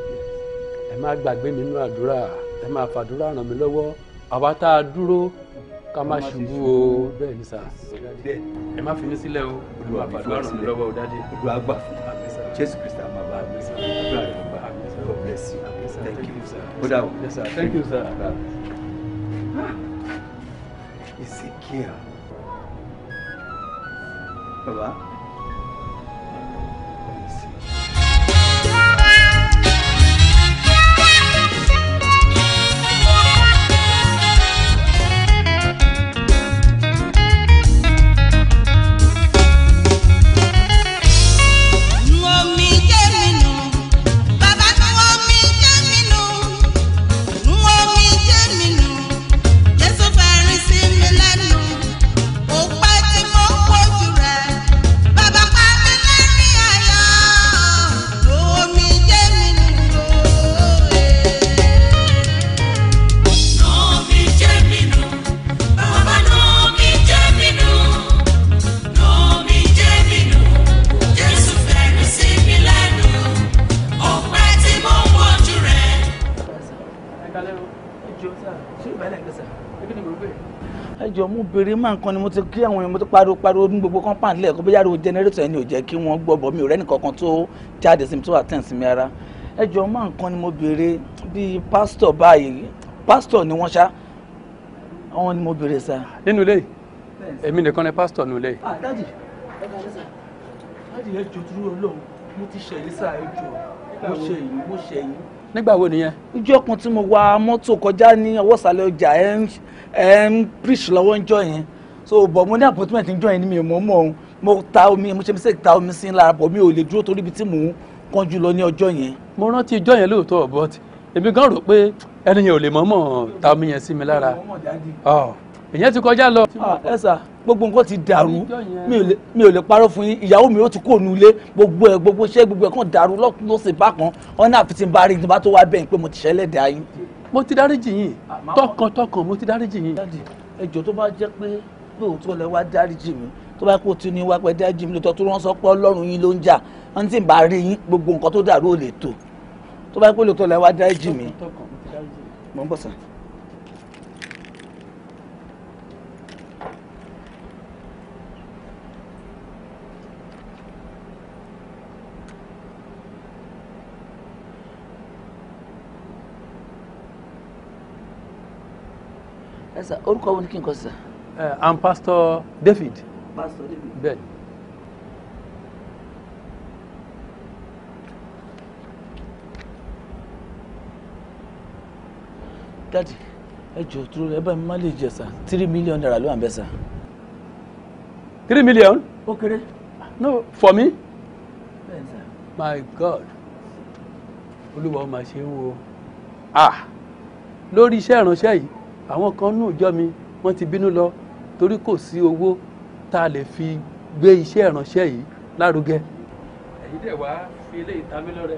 ẹ má gbàgbé mi nínú àdúrà ẹ má fàdúrà ràn mí lọ́wọ́ àwa tá a dúró ká má ṣubú o bẹ́ẹ̀ ni sá ẹ má fi mí sílẹ̀ o olùwà fàdúrà ràn mí lọ́wọ́ o Jésù Kristi Put dà yes sir thank you sir. Ah. Ezekiel. baba. wèrè máa ń kan ni mo ti kí àwọn èèyàn mo ti pariwo pariwo ní gbogbo compound lẹ́ẹ̀kan bóyá ro generator ẹni ò jẹ́ kí wọ́n gbọ́ bọ̀ mi ò rẹ́ni kankan tó jáde sí mi tó attend sí mi ara ẹ jọ máa ń kan ni mo béèrè bíi pásítọ̀ báyìí pásítọ̀ ni wọ́n ṣá àwọn ni mo béèrè sá. nínú ilé èmi nìkan ni pásítọ̀ nínú ilé. Ah, dáàdì ẹ jọ dúró Ọlọ́run mo ti ṣẹ̀yìn sáà ẹ jọ mo ṣẹ̀yìn mo ṣẹ̀yìn nígbà wo nìyẹn. ìjọ kan tí mo wa mọ́tò kọjá ní ọwọ́sàlẹ̀ ọjà ẹ̀ ń preach lọ́wọ́ ń jọ yẹn so bọ̀ mo ní appointment ń jọ yẹn ní mi mọ̀ mọ̀ ọ́n mo ta omi mo ṣe mistake ta omi sí lára bọ̀ mi ò lè dúró torí ibi tí mò ń kánjú lọ ní ọjọ́ yẹn. mo rántí ijọ́ yẹn lóòótọ́ but èmi gan rò pé ẹni yẹn ò lè mọ̀ọ́mọ̀ ta omi yẹn sí mi lára èyàn ti kọjá lọ. ẹ ah, sà gbogbo nǹkan ti dàrú mi ò lè parọ́ fún yín ìyàwó mi ó ti kó nulẹ̀ gbogbo ẹ̀ gbogbo iṣẹ́ gbogbo ẹ̀ kàn dàrú lọ́sẹ̀ bákan ọ̀nà àfi ti ń bá rí ní bá tó wá bẹ́ẹ̀ pé mo ti ṣẹlẹ̀ dá yín. mo ti dáríjì yín ah, tọkàntọkàn mo ti dáríjì yín. ẹjọ́ tó bá jẹ́ pé lóòótọ́ lẹ wá dáríjì mi tó bá kó tún ní wá pẹ́ dáríjì mi lóòótọ́ tó rán sọ pé ọlọ́run yín ló ń jà wọ́n ti ń bá rí yín gbogbo nǹkan tó dàrú ò lè tó tó bá kó lóòótọ́ lẹ wá dáríjì mi. mo ń bọ̀ sàn. ẹ sà orúkọ wo ni kí n kọ sí sà. ẹ pastor David. pastor David. bẹ́ẹ̀ ni. dadi ẹ jọ tó ẹ bá mi má lè jẹ sà three million naira ló wà ń bẹ three million. ó kéré. no for me. bẹ́ẹ̀ sà. my god olúwa ó máa ṣe é wo ah lórí iṣẹ́ ìránṣẹ́ yìí àwọn kan nù ìjọ mi wọ́n ti bínú lọ torí kò sí owó tá a lè fi gbé iṣẹ́ ìránṣẹ́ yìí lárugẹ. ẹ̀yin dẹ̀ wá fi eléyìí ta mí lọ́rẹ